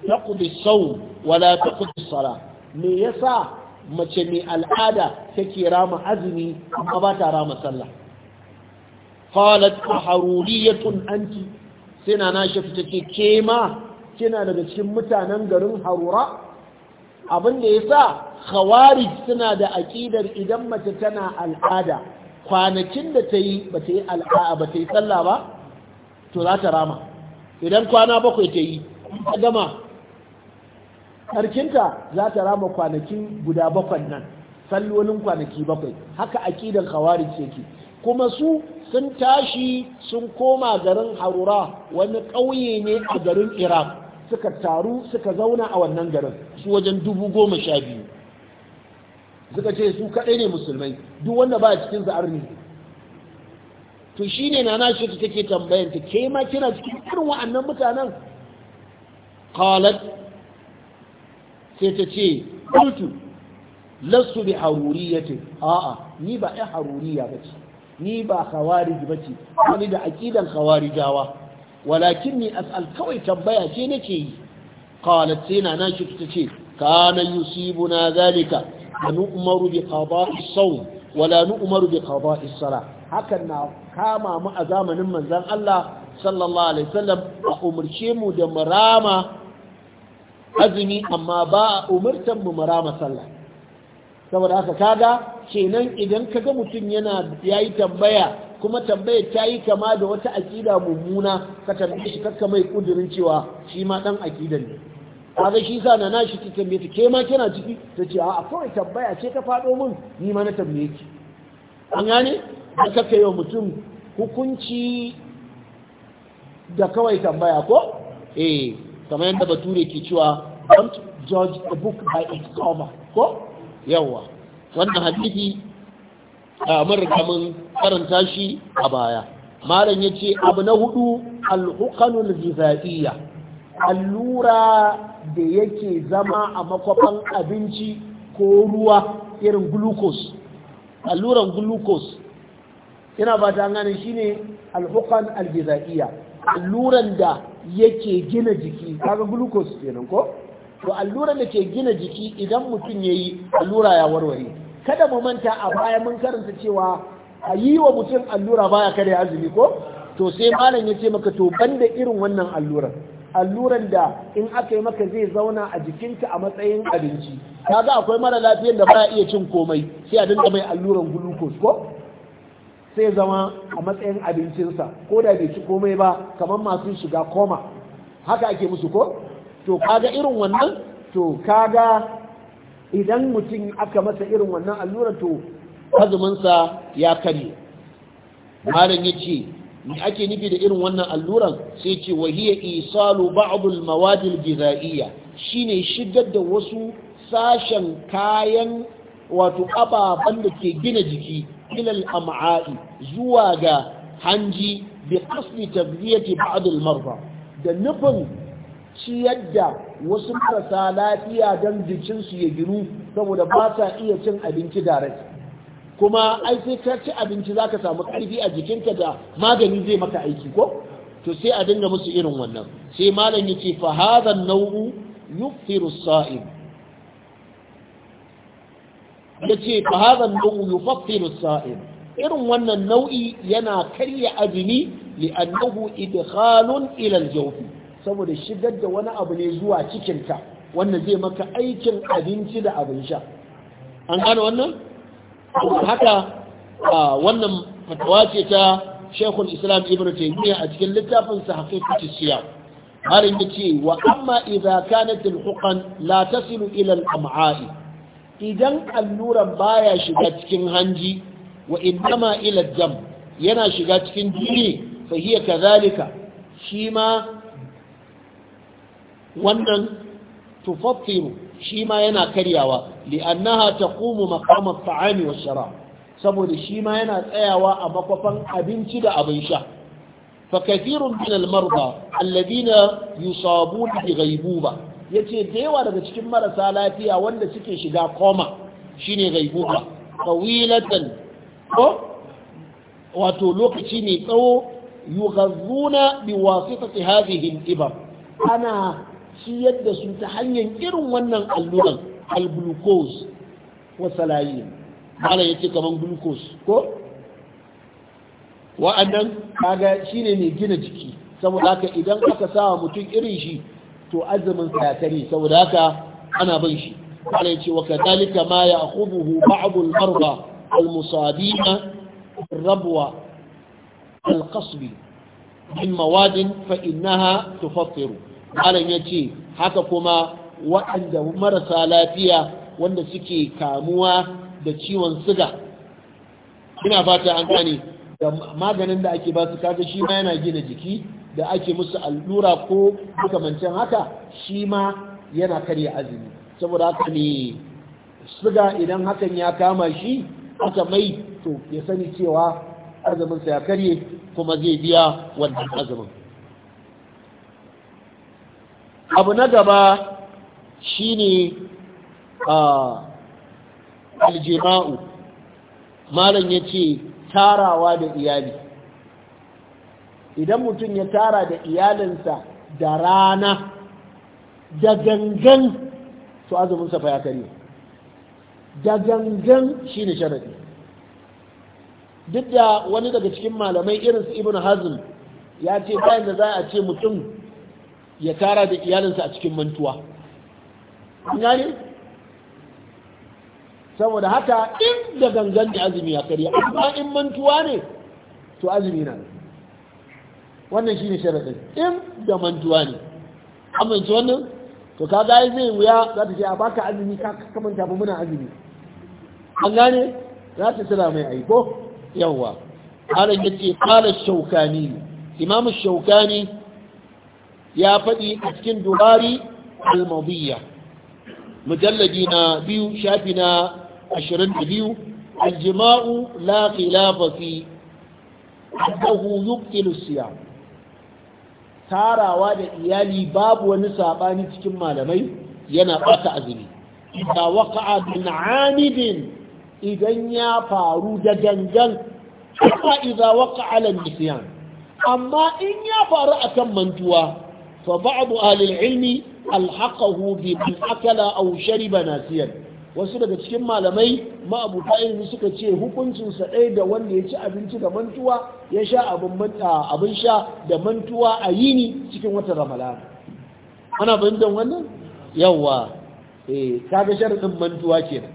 taqdi sau wala taqdi salah me yasa mace mai al'ada take rama azumi amma ba ta rama sallah qalat haruriyatun anti tunanci? na na shafi take ke ma kina daga cikin mutanen garin harura abin da yasa khawarij suna da aƙidar idan mace tana al'ada kwanakin da ta yi ba ta yi al'ada ba ta sallah ba to za ta rama idan kwana bakwai ta yi ta gama za ta rama kwanakin guda bakwai nan sallolin kwanaki bakwai haka aƙidar khawarij yake kuma su sun tashi sun koma garin harura wani ƙauye ne a garin iraq suka taru suka zauna a wannan garin su wajen dubu goma sha biyu suka ce su kaɗai ne musulmai duk wanda ba cikin za'ar ne to shi ne Nana nashi ta take tambayan ta ke ma kina cikin irin wa'annan mutanen qalat sai ta ce qultu lasu bi ce. a'a ni ba ɗan haruriya bace ni ba khawarij bace wani da aqidan khawarijawa walakinni as'al kawai tambaya ce nake yi qalat sai Nana nashi ta ce kana yusibuna zalika نؤمر بقضاء الصوم ولا نؤمر بقضاء الصلاة هكذا hakan na kama mu a zamanin manzon Allah sallallahu alaihi wasallam a أما mu da تم azumi amma ba a mu murama saboda haka kaga kenan idan kaga mutum yana yayi tambaya kuma tambayar ta yi kama da wata akida mummuna ka tambaye shi kakka mai ƙudurin cewa shi ma ɗan akidan ne kaga shi sa na nashi ta tambaye ta ke ma kina ciki ta ce a kawai tambaya ce ta faɗo min ni ma na tambaye ki an gane da kaka yau mutum hukunci da kawai tambaya ko eh kamar yadda bature ke cewa don't judge a book by its cover ko yawa wannan hadisi a ah, marigamin karanta shi a baya malam ce abu na hudu alhukanul zizadiyya allura da yake zama a makwafan abinci ko ruwa irin glucose alluran glucose yana ba ta gane shine alhukan algizaiya alluran da yake gina jiki kaga glucose kenan ko to alluran da ke gina jiki idan mutum yayi allura ya warware kada mu manta a baya mun karanta cewa a yi wa mutum allura baya kada ya azumi ko to sai malam ya ce maka to banda irin wannan alluran alluran da in aka yi maka zai zauna a jikinta a matsayin abinci kaga akwai mara lafiyar da baya iya cin komai sai a dinga mai alluran glucose ko sai zama a matsayin abincinsa ko da bai ci komai ba kamar masu shiga koma haka ake musu ko to kaga irin wannan to kaga idan mutum aka masa irin wannan alluran to hazumansa ya karye malam yace ni ake nufi da irin wannan alluran sai ce wahiya isalu ba'dul mawadil gizaiya shine shigar da wasu sashen kayan wato ababen da ke gina jiki ilal am'a'i zuwa ga hanji bi asli tabliyati ba'd al da nufin ciyar da wasu marasa lafiya don jikinsu ya ginu saboda ba sa iya cin abinci rai. kuma ai sai ka ci abinci za ka samu ƙarfi a jikinka da magani zai maka aiki ko to sai a dinga musu irin wannan sai malam ya ce fa hadha nau'u yufiru sa'im fa hadha yufiru sa'im irin wannan nau'i yana karya azumi li'annahu idkhalun ila al-jawf saboda shigar da wani abu ne zuwa cikinka wannan zai maka aikin abinci da abin sha an gane wannan haka wannan fatawa ce ta shekul islam ibn taymiya a cikin littafin sa haqiqatu siyam har inda ce wa amma idza kanat al la tasilu ila al idan alluran baya shiga cikin hanji wa innama ila dam yana shiga cikin jini fa hiya kadhalika shi ma wannan tufattiru shi ma yana karyawa li'annaha taqumu maqama at-ta'ami saboda shi ma yana tsayawa a makofan abinci da abin sha fa kathirun min al-marda alladhina yusabuna bi ghaibuba yace da daga cikin marasa lafiya wanda suke shiga koma shine ghaibuba tawilatan ko wato lokaci ne tsawo yughazzuna bi wasitati hadhihi al-ibar ana shi yadda su ta hanyar irin wannan alluran al-glucose wa salayin mala yace kamar glucose ko wa'annan kaga shine mai gina jiki saboda haka idan aka sawa mutum irin shi to azumin sa tare saboda haka ana bin shi ya ce wa kadalika ma ya'khudhu ba'd al rabuwa al-musadina in mawadin fa'inaha مواد فإنها تفطر قال haka kuma waɗanda marasa lafiya wanda suke kamuwa da ciwon siga ina fata an gane da maganin da ake ba su kaga shi ma yana gina jiki da ake musu allura ko makamancin haka shi ma yana karya azumi saboda haka ne siga idan hakan ya kama shi haka mai to ya sani cewa azuminsa ya karye kuma zai biya wannan azumin abu na gaba shine a aljima'u malam ce tarawa da iyali idan mutum ya tara da iyalinsa da rana da gangan to azumin fa ya kare da gangan shine sharadi duk da wani daga cikin malamai irinsu ibn hazm ya ce bayan da za a ce mutum ya tara da iyalinsa a cikin mantuwa an gane saboda haka in da gangan da azumi ya karya amma in mantuwa ne to azumi na wannan shine sharadin in da mantuwa ne amince wannan to ka ga zai wuya za ta ce a baka azumi ka kamanta ba muna azumi an gane za ta sira mai aiko yawwa harin ya ce kala shaukani imamu shaukani ya faɗi a cikin dubari al-mabiyya mujalladi na biyu shafi na 22 aljima'u la khilafa fi annahu yubtilu siyam tarawa da iyali babu wani saɓani cikin malamai yana bata azumi idza waqa'a bin 'amidin idan ya faru da gangan kuma idza waqa'a lan nisyan amma in ya faru a kan mantuwa fa ba'du ahli al-ilmi alhaqahu bi man akala aw shariba nasiyan wasu daga cikin malamai ma'abuta ilimi suka ce hukuncin sa ɗaya da wanda ya ci abinci da mantuwa ya sha abin sha da mantuwa a yini cikin wata ramadan ana fahimtar wannan yawa eh kaga sharadin mantuwa kenan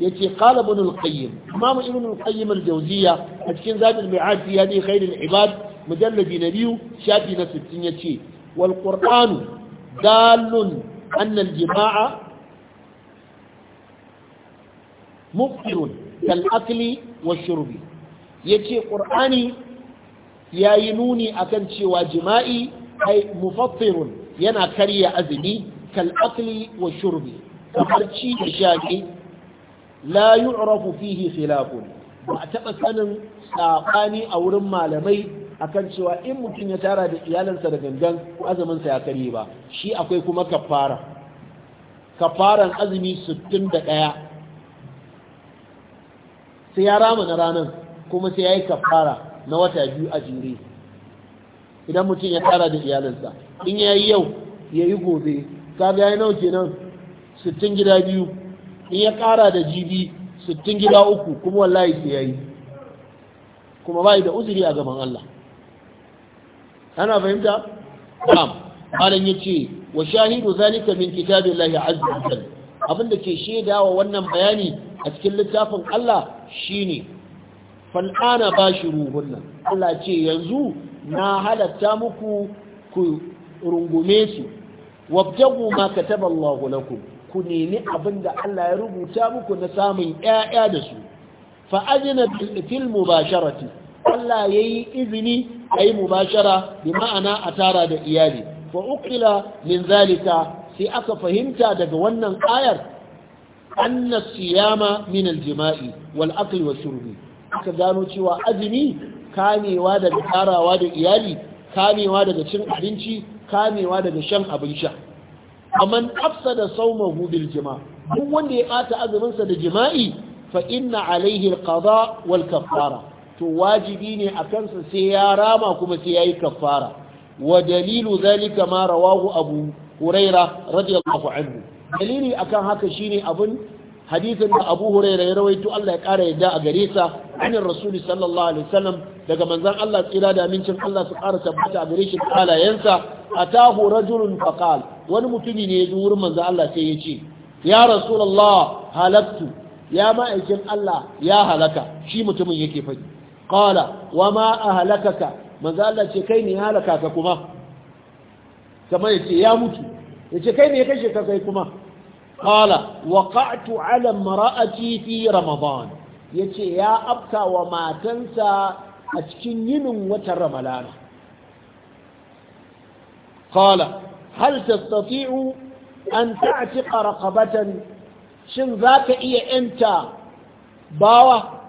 yace qala ibn al-qayyim imam mu al-qayyim al a cikin zadul mi'ad fi ne khairul ibad mujalladi na biyu shafi na sittin, yace wal qur'anu dalun annal jima'a muftirun kal akli wa shurbi yace qur'ani yayi nuni akan cewa jima'i ai mufattirun yana karya azumi kal akli wa shurbi kamar ci da shaki la yu'rafu fihi khilafun ba a taɓa sanin saɓani a wurin malamai akan cewa in mutum ya tara da iyalansa da gangan azuminsa ya karye ba shi akwai kuma kafara kafaran azumi 61 sai ya rama na ranar kuma sai ya yi kafara na wata biyu a jere idan mutum ya tara da iyalansa in ya yi yau ya yi gobe kaga ya nauke nan 60 gida biyu in ya kara da jibi 60 gida uku kuma wallahi sai ya yi kuma bai da uzuri a gaban Allah ana fahimta na'am malam yace wa shahidu zalika min kitabillahi azza wa jalla abinda ke shedawa wannan bayani a cikin littafin Allah shine fal'ana bashiruhunna Allah ce yanzu na halatta muku ku rungume su wabtagu ma kataba Allahu lakum ku nemi abinda Allah ya rubuta muku na samun ƴaƴa da su fa ajna bil mubasharati Allah ya yi izini a yi mubashara bi ma'ana a tara da iyali fa ukila min zalika sai aka fahimta daga wannan ayar anna siyama min aljima'i wal akli wa shurbi aka gano cewa azumi kamewa daga tarawa da iyali kamewa daga cin abinci kamewa daga shan abin sha amman da saumahu bil jima'a. duk wanda ya ɓata azuminsa da jima'i fa inna alaihi alqada wal kafara to wajibi ne a kansa sai ya rama kuma sai ya yi kafara wa dalilu zalika ma rawahu abu huraira radiyallahu anhu dalili akan haka shine abin hadisin da abu huraira ya rawaito Allah ya kara yadda a gare sa anin rasuli sallallahu alaihi wasallam daga manzon Allah tsira da amincin Allah su kara tabbata a gare shi halayensa atahu rajulun faqal wani mutumi ne ya wurin manzon Allah sai ya ce ya rasulullah halaktu ya ma'aikin Allah ya halaka shi mutumin yake faɗi qala wama ahlakaka manzo Allah ce kai ne halaka ka kuma kamar yace ya mutu yace kai ne ya kashe ka kai kuma qala waqa'tu ala mar'ati fi ramadan yace ya afka wa matansa a cikin yinin watan ramadana qala hal tastati'u an ta'tiqa raqabatan shin zaka iya inta bawa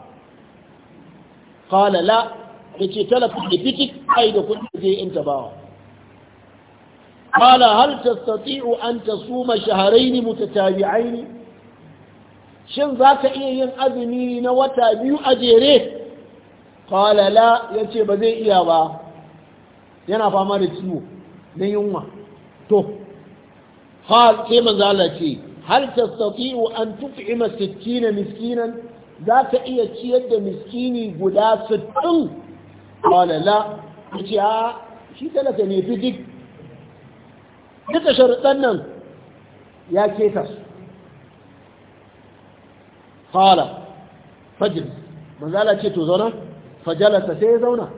qala la yace talafin da fitik ai da kudi zai inta bawa qala hal tastati'u an tasuma shahrayn mutatabi'ain shin zaka iya yin azumi na wata biyu a jere qala la yace ba zai iya ba yana fama da ciwo na yunwa to sai an miskinan za ka iya ciyar da miskini guda sittin ƙwalala ya ce a shi talaka ne fi duk duka sharuɗan nan ya keta su ƙwala fajir manzala ce to zauna fajalasa sai ya zauna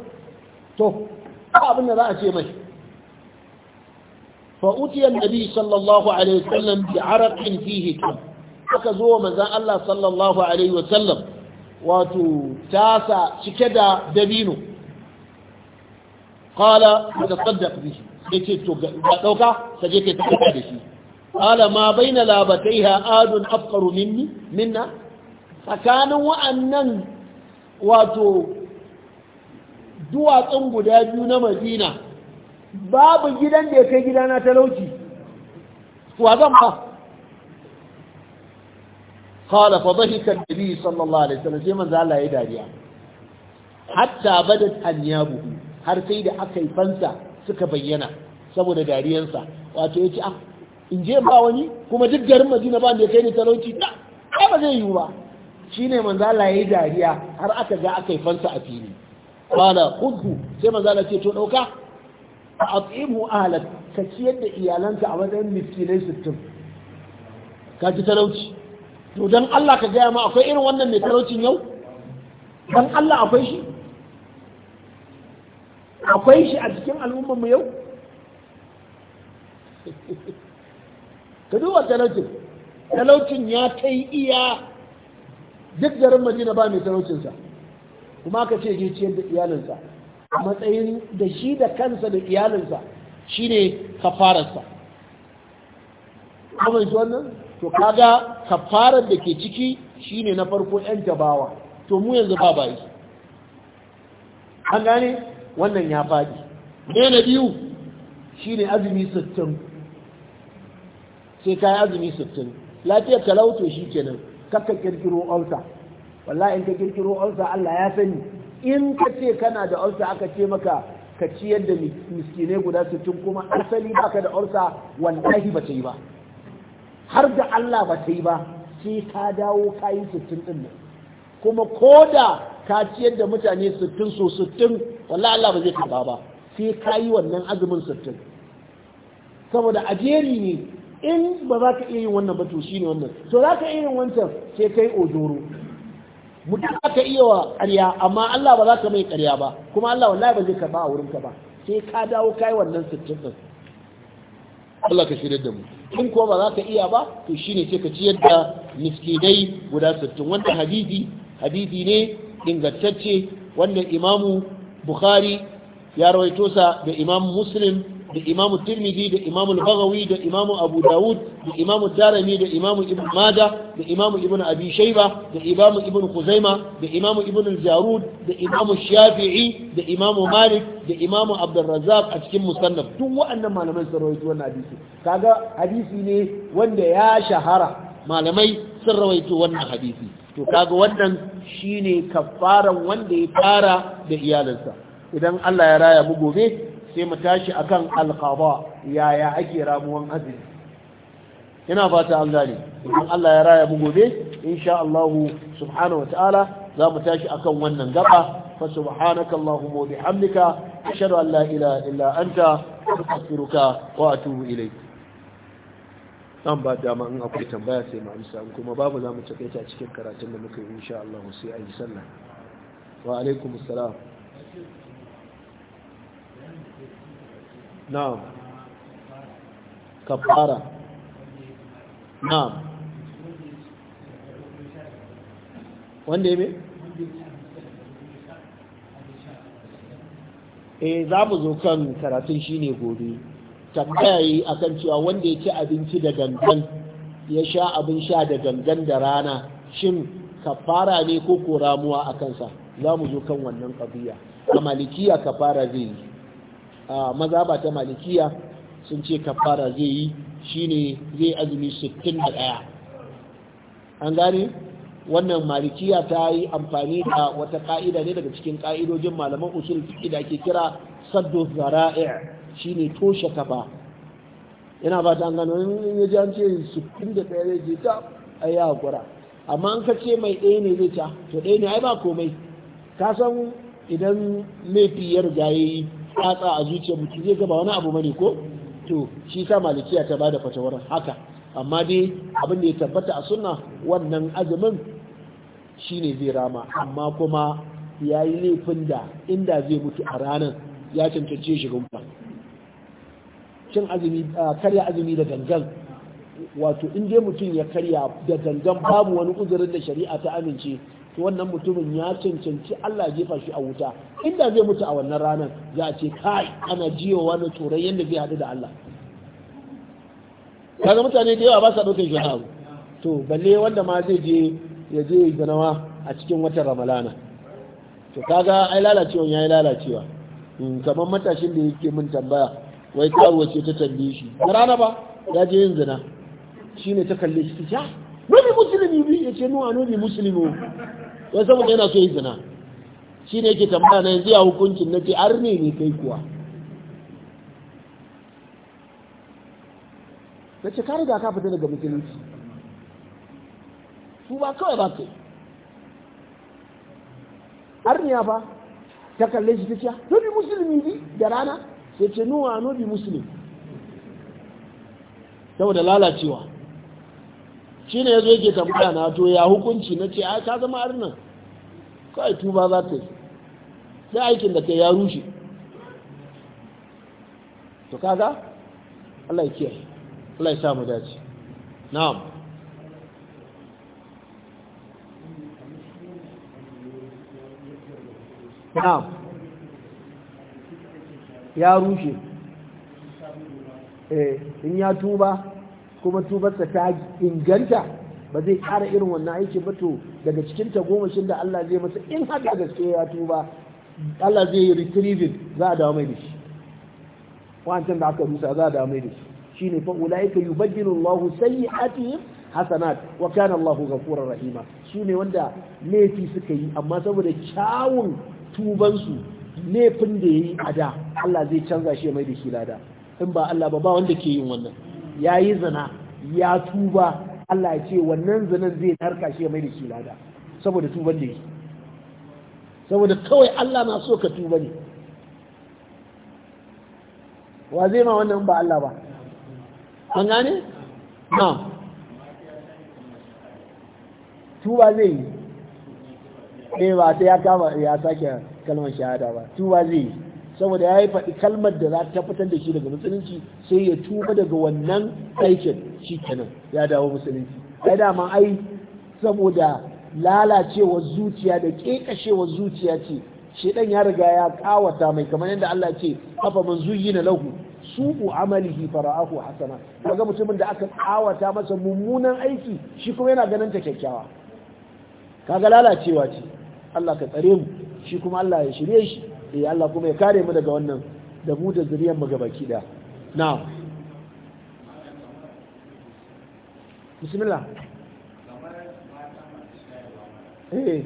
to abin da za a ce mai فأتي النبي صلى الله عليه وسلم بعرق فيه تمر aka zo wa manzan Allah sallallahu alaihi wasallam wato tasa cike da dabino qala tasaddaq bihi yace to ga dauka kaje kai tasaddaqa da shi qala ma baina labataiha adun afqaru minni minna tsakanin wa'annan wato duwatsun guda biyu na Madina babu gidan da ya kai gidana talauci wa zan ba qala fa dhahika an-nabi sallallahu alaihi wasallam sai manzo Allah ya dariya hatta badat anyabuhu har sai da aka suka bayyana saboda dariyansa wato yace ah in je ba wani kuma duk garin Madina ba da kai ne talauci da ba zai yi ba shine manzo Allah ya dariya har aka ga aka fansa a fili qala khudhu sai manzo Allah ce to dauka fa at'imhu ahlak ka iyalanka a matsayin miskinai 60 ka ji talauci to don Allah ka gaya ma akwai irin wannan mai talaucin yau don Allah akwai shi akwai shi a cikin al'umman mu yau ka duba talaucin talaucin ya kai iya duk garin madina ba mai talaucinsa kuma ka ce je ciyar da iyalinsa a matsayin da shi da kansa da iyalinsa shine kafararsa kuma wannan to kaga kafarar da ke ciki shine na farko yan jabawa to mu yanzu ba ba yi, an gane wannan ya faɗi ne na biyu shine azumi sittin sai ka azumi sittin lafiyar talauto shi kenan kakka kirkiro auta wallahi in ka kirkiro ulsa Allah ya sani in ka ce kana da ulsa aka ce maka ka ciyar da miskinai guda 60 kuma asali baka da ulsa wallahi ba ta yi ba har da Allah ba ta yi ba sai ka dawo ka yi sittin ɗin nan kuma ko da ka ciyar da mutane sittin so sittin walla Allah ba zai karba ba sai ka yi wannan azumin sittin saboda ajeri ne in ba za ka iya yin wannan ba to shi ne wannan to za ka iya yin wancan sai kai ojoro mutum ka iya wa ƙarya amma Allah ba za ka mai ƙarya ba kuma Allah wallahi ba zai karba a wurinka ba sai ka dawo yi wannan sittin ɗin Allah ka shirya da mu in kuwa ba za ka iya ba to shine sai ka ciyar da miskinai guda sittin wanda hadithi. hadisi ne ingantacce wanda imamu bukhari ya rawaito sa da Imamu muslim da imamu tirmidhi da imamu bagawi da imamu abu dawud da imamu darami da imamu ibn mada da imamu ibn abi shayba da imamu ibn kuzaima da imamu ibn jarud da imamu shafi'i da imamu malik da imamu abdurrazzaq a cikin musannaf duk wa'annan malaman sun rawaito wannan hadisi kaga hadisi ne wanda ya shahara malamai sun rawaito wannan hadisi to kaga wannan shine kafaran wanda ya fara da iyalansa idan Allah ya raya mu gobe sai mu tashi akan alkaba yaya ake ramuwan azumi ina fata an gane idan Allah ya raya mu gobe insha Allah subhanahu ta'ala za mu tashi akan wannan gaba fa subhanaka allahumma wa bihamdika ashhadu an la ilaha illa anta astaghfiruka wa atubu ilayk dan ba dama in akwai tambaya sai mu amsa kuma babu za mu takaita cikin karatun da muke yi insha Allah sai a yi sallah wa alaikumus salam na'am kafara na'am wanda ya me? eh za mu zo kan karatun shine gobe tambaya yi akan cewa wanda ya ci abinci da gangan ya sha abin sha da gangan da rana shin kafara ne ko ko ramuwa a kansa za mu zo kan wannan kabiya a malikiya kafara zai yi maza ba ta malikiya sun ce kafara zai yi shine zai azumi 61 an gane wannan malikiya ta yi amfani da wata ka'ida ne daga cikin ka'idojin malaman usul fiqh da ake kira saddu zara'i shine toshe kafa yana ba ta gano in ya an ce 61 zai je ta ai gura amma an ka ce mai ɗaya ne zai ta to ɗaya ne ai ba komai ka san idan mai fiyar ya tsatsa a zuciyar mutum zai gaba wani abu mani ko to shi sa malikiya ta bada fatawar haka amma dai abin da ya tabbata a sunna wannan azumin shine zai rama amma kuma ya yi laifin da inda zai mutu a ranar ya cancanci shi rumfa cin azumi karya azumi da gangan wato in dai mutum ya karya da gangan babu wani uzurin da shari'a ta amince to wannan mutumin ya cancanci Allah jefa shi a wuta inda zai mutu a wannan ranar za a ce kai ana jiwa wani turai yadda zai haɗu da Allah kaga mutane da yawa ba sa ɗaukar shi abu to balle wanda ma zai je ya je ganawa a cikin watan ramalana to kaga ai lalacewa ya yi lalacewa hmm, kamar matashin da yake min tambaya wai karuwa ce ta tambaye shi na rana ba ya je yin zina shine ta kalle shi ta ah, wani musulmi ya ce nuwa nobi musulmi wai saboda yana so yi zina shi ne yake tambaya na yanzu ya hukuncin na ce arne ne kai kuwa na ce ka riga ka fita daga musulunci su ba kawai ba kai ya ba ta kalle shi ta ce nobi musulmi ne da rana sai ce nuwa nobi musulmi saboda lalacewa shi ne ya zo yake tambaya na to ya hukunci na ce a ta zama arnan kawai tuba za ta yi sai aikin da ke ya rushe to kaga Allah ya kiyaye Allah ya sa mu dace na'am na'am ya rushe eh in ya tuba kuma tubarsa ta inganta ba zai ƙara irin wannan aiki ba to daga cikin shi da Allah zai masa in haka gaske ya tuba Allah zai yi za a dawo mai da shi wancan da aka rusa za a dawo mai da shi shine fa ulaika yubayyinu Allahu sayyi'atihim hasanat wa kana Allahu ghafurur rahima ne wanda laifi suka yi amma saboda kyawun tuban su laifin da yayi a da Allah zai canza shi mai da shi lada in ba Allah ba ba wanda ke yin wannan yayi zina ya tuba Allah ya ce wannan zanen zai narka shi ya mai da shi lada saboda tuban da yi saboda kawai Allah na so ka tuba ne wa zai ma wannan ba Allah ba an gane? na tuba zai yi ne eh, ba ta ya kama ya sake kalmar shahada ba tuba zai yi saboda ya yi faɗi kalmar da za ta fitar da shi daga musulunci sai ya tuba daga wannan aikin shi kenan ya dawo musulunci ai dama ai saboda lalacewar zuciya da ƙeƙashewar zuciya ce shi ɗan ya riga ya kawata mai kamar yadda Allah ce afa man zuyyina lahu su'u amalihi fara'ahu hasana kaga mutumin da aka kawata masa mummunan aiki shi kuma yana ganin ta kyakkyawa kaga lalacewa ce Allah ka tsare mu shi kuma Allah ya shirye shi ya eh, Allah kuma ya kare mu daga wannan da mu da zuriyar mu gabaki da na'am bismillah eh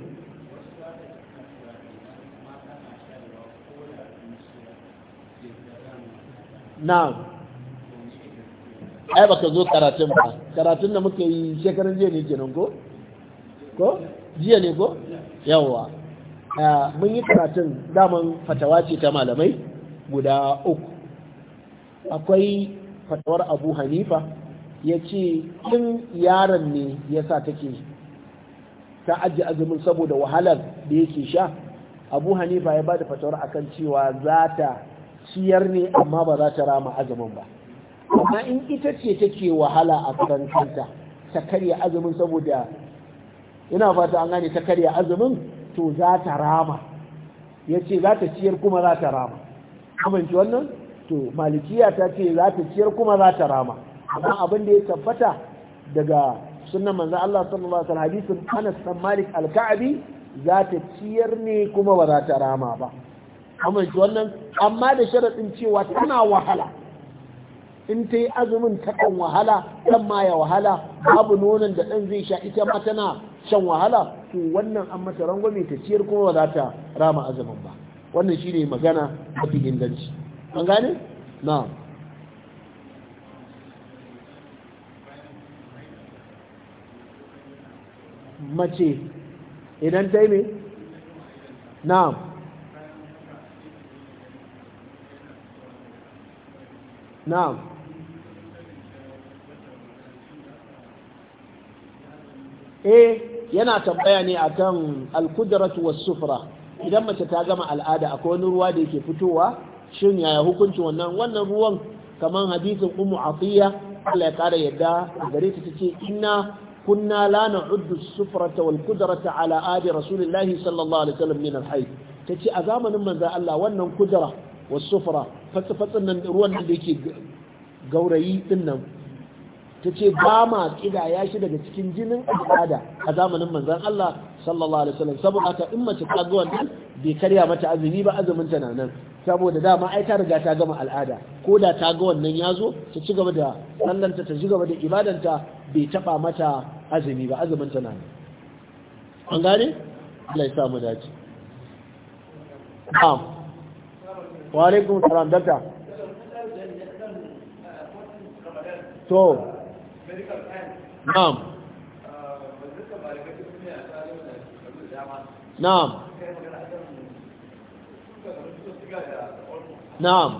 na'am ai baka zo karatun ba karatun da muka yi shekaran jiya ne jinin ko ko jiya ne ko yawwa Ah, mun yi karatun daman fatawa ce ta malamai guda uku akwai fatawar abu hanifa ya ce in yaron ne ya sa take ta ajiye azumin saboda wahalar da yake sha abu hanifa ya ba da fatawar akan cewa za ta ciyar ne amma ba za ta rama azumin ba amma in ita ce take wahala a karantanta ta karya azumin saboda ina fata an gane ta karya azumin to za ta rama ya ce za ta ciyar kuma za ta rama amince wannan to malikiya ta ce za ta ciyar kuma za ta rama amma abin da ya tabbata daga sunan manzan Allah sallallahu alaihi wasallam Anas Malik Alka'abi, za ta ciyar ne kuma ba za ta rama ba amince wannan amma da sharaɗin cewa tana wahala in ta yi azumin takan wahala ɗan ma ya wahala babu nonon da ɗan zai sha ita ma tana shan wahala to wannan an masa rangwame ta ciyar kuma ba za ta rama azumin ba wannan shi ne magana mafi inganci an gane Na. mace idan ta yi Na. Na. na'am eh yana tambaya ne akan al-qudratu was-sufra idan mace ta gama al'ada akwai wani ruwa da yake fitowa shin yaya hukuncin wannan wannan ruwan kaman hadisin ummu atiya Allah ya kara yadda gare ta tace inna kunna la na'uddu as-sufrata wal-qudrata ala adi rasulillahi sallallahu alaihi wasallam min al-hayd tace a zamanin manzo Allah wannan kudra was-sufra fatsa fatsan nan ruwan da yake gaurayi din nan ta ce ba ma ƙidaya shi daga cikin jinin al'ada a zamanin manzan Allah sallallahu alaihi wasallam saboda ta in mace ta zuwa nan bai karya mata azumi ba azumin ta nan saboda dama ai ta riga ta gama al'ada ko da ta ga wannan ya zo ta ci gaba da sallanta ta ci gaba da ibadanta bai taba mata azumi ba azumin ta nan an gane Allah ya sa mu dace na'am wa alaikum salam dakta to na'am na'am na'am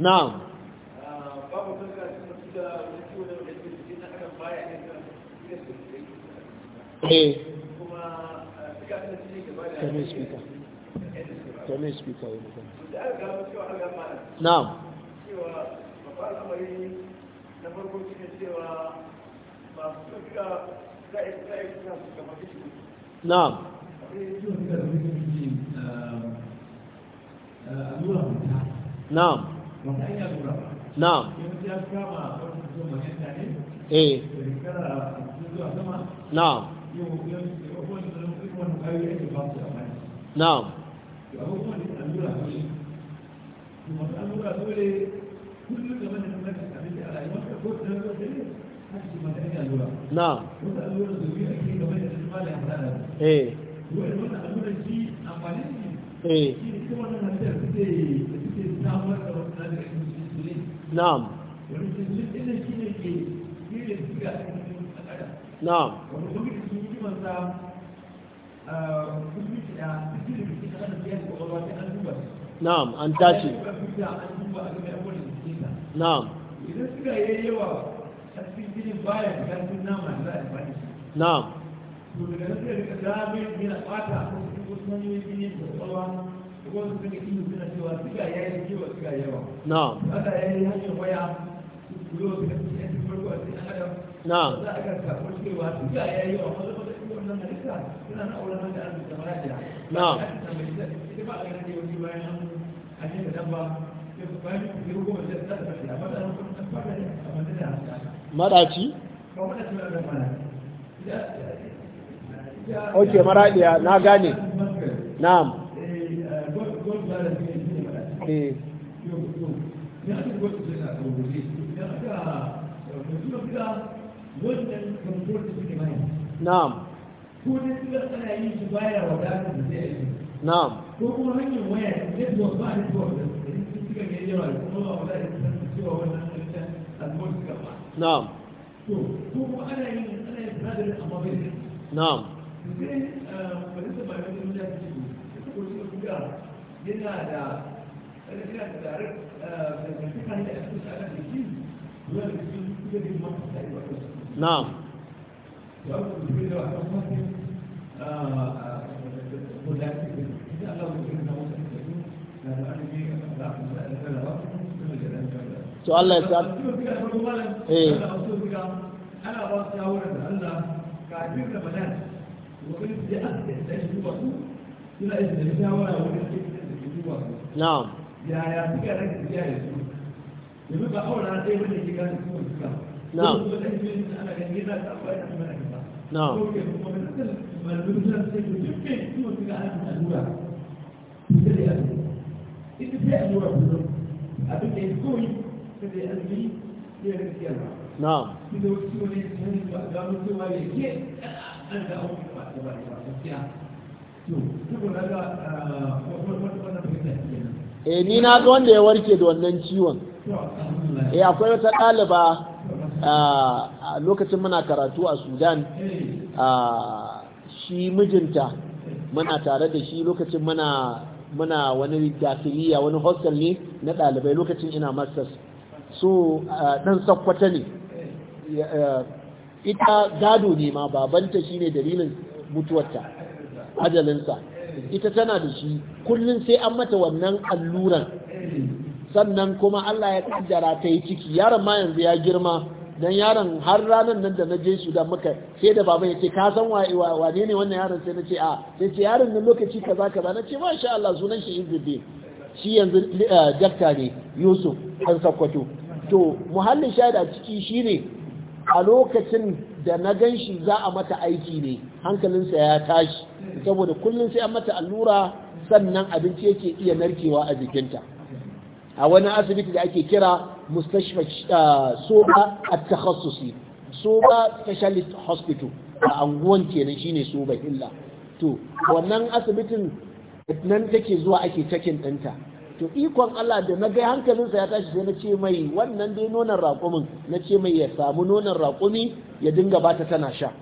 na'am eh kame speaker kame speaker na'am cewa na farko shi cewa masu tsakka za a za a yi su gama na'am na'am na'am na'am na'am na eh eh na'am na'am na'am idan suka yi yawa sarfin jinin baya karfin nama da za a amfani na'am to daga nan sai rika zabe yana fata ko su ko su manyan jini da kwakwalwa da kuma su suka iya suna cewa suka yayi yawa suka yawa na'am haka yayi hanyar waya su zo su ka fi yanzu farko a cikin adam na'am za a ga kafin cewa suka yayi yawa wanda ba su wannan halitta suna na auren da an da mara da na'am ita ba a ganin da yau bayan an yi da dabba sai ku bayan ku yi ruwa da ta da ta da ta madaci ok maradiya na gane na'am eh na'am na'am نعم نعم نعم نعم to Allah ya sa eh ana ba su shawara da Allah kafin ka bada wani da aka da shi ba su suna da shawara wani da shi ba su na'am ya ya suka rage da ya su yanzu ba aura sai wanda ke gani su suka na'am da shi ana ganin yadda ta ba ya mana kaza na'am ko ke kuma da malamin da sai ku dukke su suka ana allura ita da ya ita sai abin da ya koyi sai eh ni na ga wanda ya warke da wannan ciwon eh akwai wata ɗaliba ah, a lokacin muna karatu a sudan a ah, shi mijinta muna tare da shi lokacin muna muna wani dafiliya wani hostel ne na ɗalibai lokacin ina masters so ɗan sakwata ne ita gado ne ma babanta shi ne dalilin mutuwarta ajalinsa ita tana da shi kullum sai an mata wannan alluran sannan kuma Allah ya kajara ta yi ciki yaron ma yanzu ya girma dan yaron har ranar nan da na je su da muka sai da baban ya ce ka san wane ne wannan yaron sai na ce a sai ce yaron nan lokaci ka za ka ba na ce masha Allah sunan shi Izzuddin shi yanzu jakta eh, ne Yusuf an sakwato to muhallin shaida a ciki shine a lokacin da na gan shi za a mata aiki ne hankalinsa ya tashi saboda kullum sai an mata allura sannan abinci yake iya narkewa a jikinta a wani asibiti da ake kira mustashfa ah, soba a takhassusi soba specialist hospital a anguwan kenan shine soba illa to wannan asibitin nan take zuwa ake cakin ɗinta to ikon Allah da na gai hankalinsa ya tashi sai na ce mai wannan dai nonon raƙumin na ce mai ya samu nonon raƙumi ya dinga bata tana sha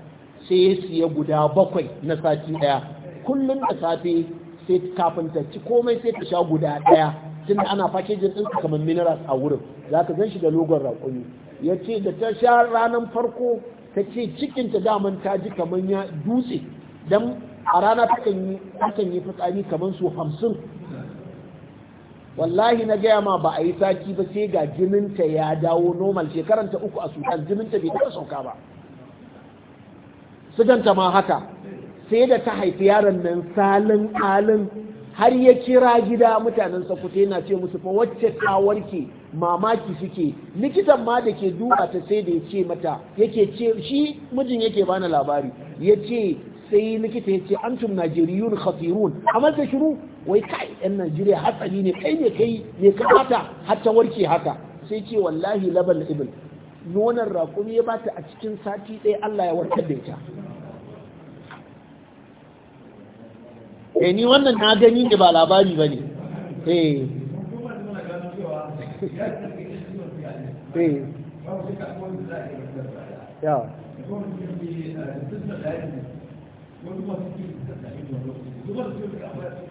sai ya siya guda bakwai na sati ɗaya kullum da safe sai kafin ta ci komai sai ta sha guda ɗaya tun ana fakejin din kamar minerals a wurin za ka zan shi da logon raƙumi ya ce da ta sha ranar farko ta ce cikinta daman ta ji kamar ya dutse don a rana takan yi fitsari kamar su hamsin wallahi na gaya ma ba a yi saki ba sai ga jininta ya dawo normal ta uku a sudan jininta bai taɓa sauka ba suganta ma haka sai da ta haifi yaron nan salin alin har ya kira gida mutanen sakute na ce musu fa wacce ta warke mamaki suke likitan ma da ke duba ta sai da ya ce mata yake ce shi mijin yake bani labari ya ce sai likita ya ce antum najeriyun khafirun amma ta shiru wai kai yan najeriya hatsari ne kai ne kai ne ka mata warke haka sai ce wallahi laban ibn nonon raƙumi ya bata a cikin sati ɗaya allah ya warkar da ita E ni wannan na gani ne ba labari ba ne eh, eh.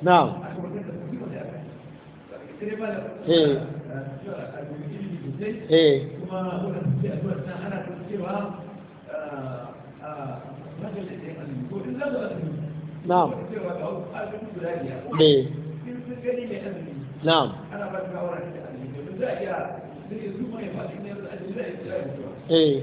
na'am eh eh na'am eh na'am eh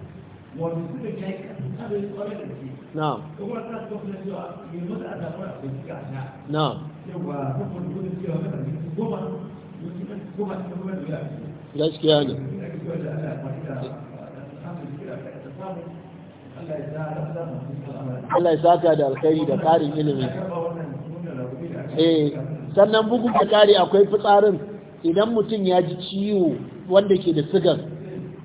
wanda suka gaskiya ne Allah ya saka da alkhairi da karin ilimi eh sannan bugun da kare akwai fitsarin idan mutum ya ji ciwo wanda ke da sigar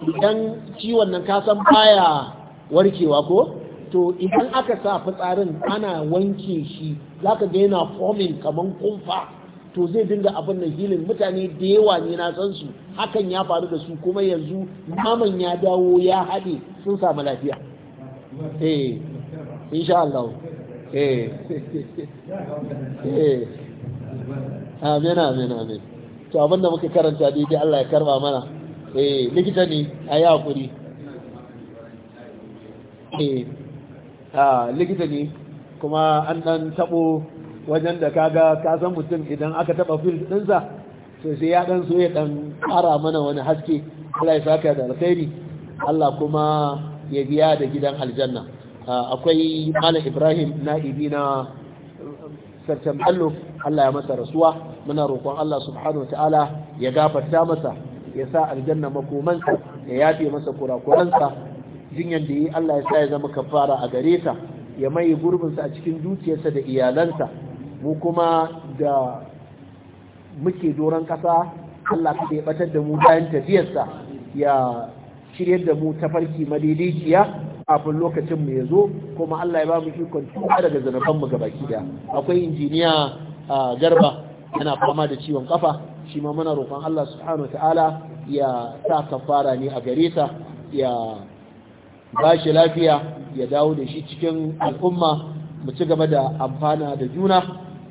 idan ciwon nan kasan baya warkewa ko to idan aka sa fitsarin ana wanke shi zaka ga yana forming kamar kumfa to zai dinga abin nan hilin mutane da yawa ne na san su hakan ya faru da su kuma yanzu naman ya dawo ya haɗe sun samu lafiya eh insha Allah eh eh amin amen amen to abin da muka karanta daidai Allah ya karba mana eh likita ne a yi eh a likita ne kuma an nan taɓo wajen da kaga kasan mutum idan aka taɓa fil ɗinsa to sai ya ɗan so ya ɗan ƙara mana wani haske Allah ya saka da alkhairi Allah kuma ya biya da gidan aljanna akwai Malam Ibrahim na'ibi na Sarkin Bello Allah ya masa rasuwa muna roƙon Allah subhanahu wa ta'ala ya gafarta masa ya sa aljanna makomansa ya yafe masa kurakuransa jinyar da yi Allah ya sa ya zama kafara a gare ta ya mai gurbinsa a cikin dukiyarsa da iyalansa mu kuma da muke doron ƙasa Allah ka da ya batar da mu bayan tafiyarsa ya shiryar da mu ta farki madaidaiciya kafin lokacin mu ya zo kuma Allah ya ba mu ikon tuka daga zanaban mu gabaki akwai injiniya ah, garba yana fama da ciwon kafa shi ma muna roƙon Allah subhanahu ta'ala ya sa kafara ne a gare ta ya ba shi lafiya ya dawo da shi cikin al'umma mu ci gaba da amfana da juna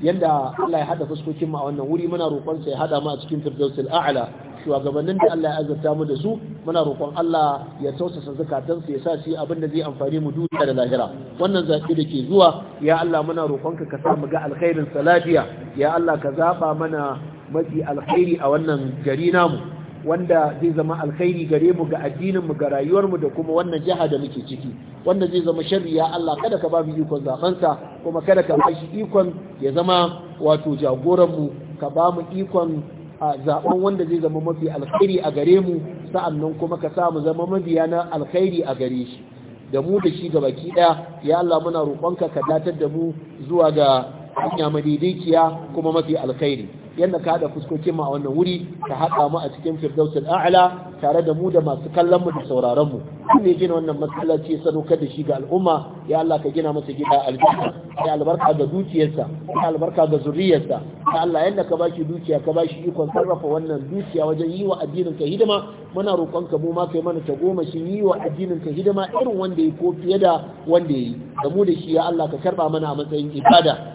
yanda Allah ya hada fuskokin mu a wannan wuri muna roƙon sa ya hada mu a cikin firdausul a'la shugabannin da Allah ya azurta mu da su muna roƙon Allah ya tausasa zakatan su ya sa su abin da zai amfani mu duniya da lahira wannan zaki da ke zuwa ya Allah muna roƙonka ka sa mu ga alkhairin salafiya, ya Allah ka zaba mana mafi alkhairi a wannan gari namu wanda zai zama alkhairi gare mu ga addinin mu ga rayuwar mu da kuma wannan jiha da muke ciki wanda zai zama sharri ya Allah kada ka ba mu ikon zaben kuma kada ka ba shi ikon ya zama wato jagoran mu ka ba mu ikon zaben wanda zai zama mafi alkhairi a gare mu sa'annan kuma ka sa mu zama mabiya na alkhairi a gare shi da mu da shi gabaki daya ya Allah muna roƙonka ka datar da mu zuwa ga hanya madaidaiciya kuma mafi alkhairi yadda ka haɗa fuskokin mu a wannan wuri ka haɗa mu a cikin firdausul a'la tare da mu da masu kallon mu da sauraron mu ne gina wannan masallaci ya sadaukar da shi ga al'umma ya Allah ka gina masa gida albarka ya albarka ga dukiyarsa ya albarka ga zuriyarsa ya Allah yadda ka bashi dukiya ka bashi ikon sarrafa wannan dukiya wajen yi wa addinin ka hidima muna roƙon ka mu ma kai mana shi yi wa addinin ka hidima irin wanda ya ko fiye da wanda ya yi da mu da shi ya Allah ka karba mana a matsayin ibada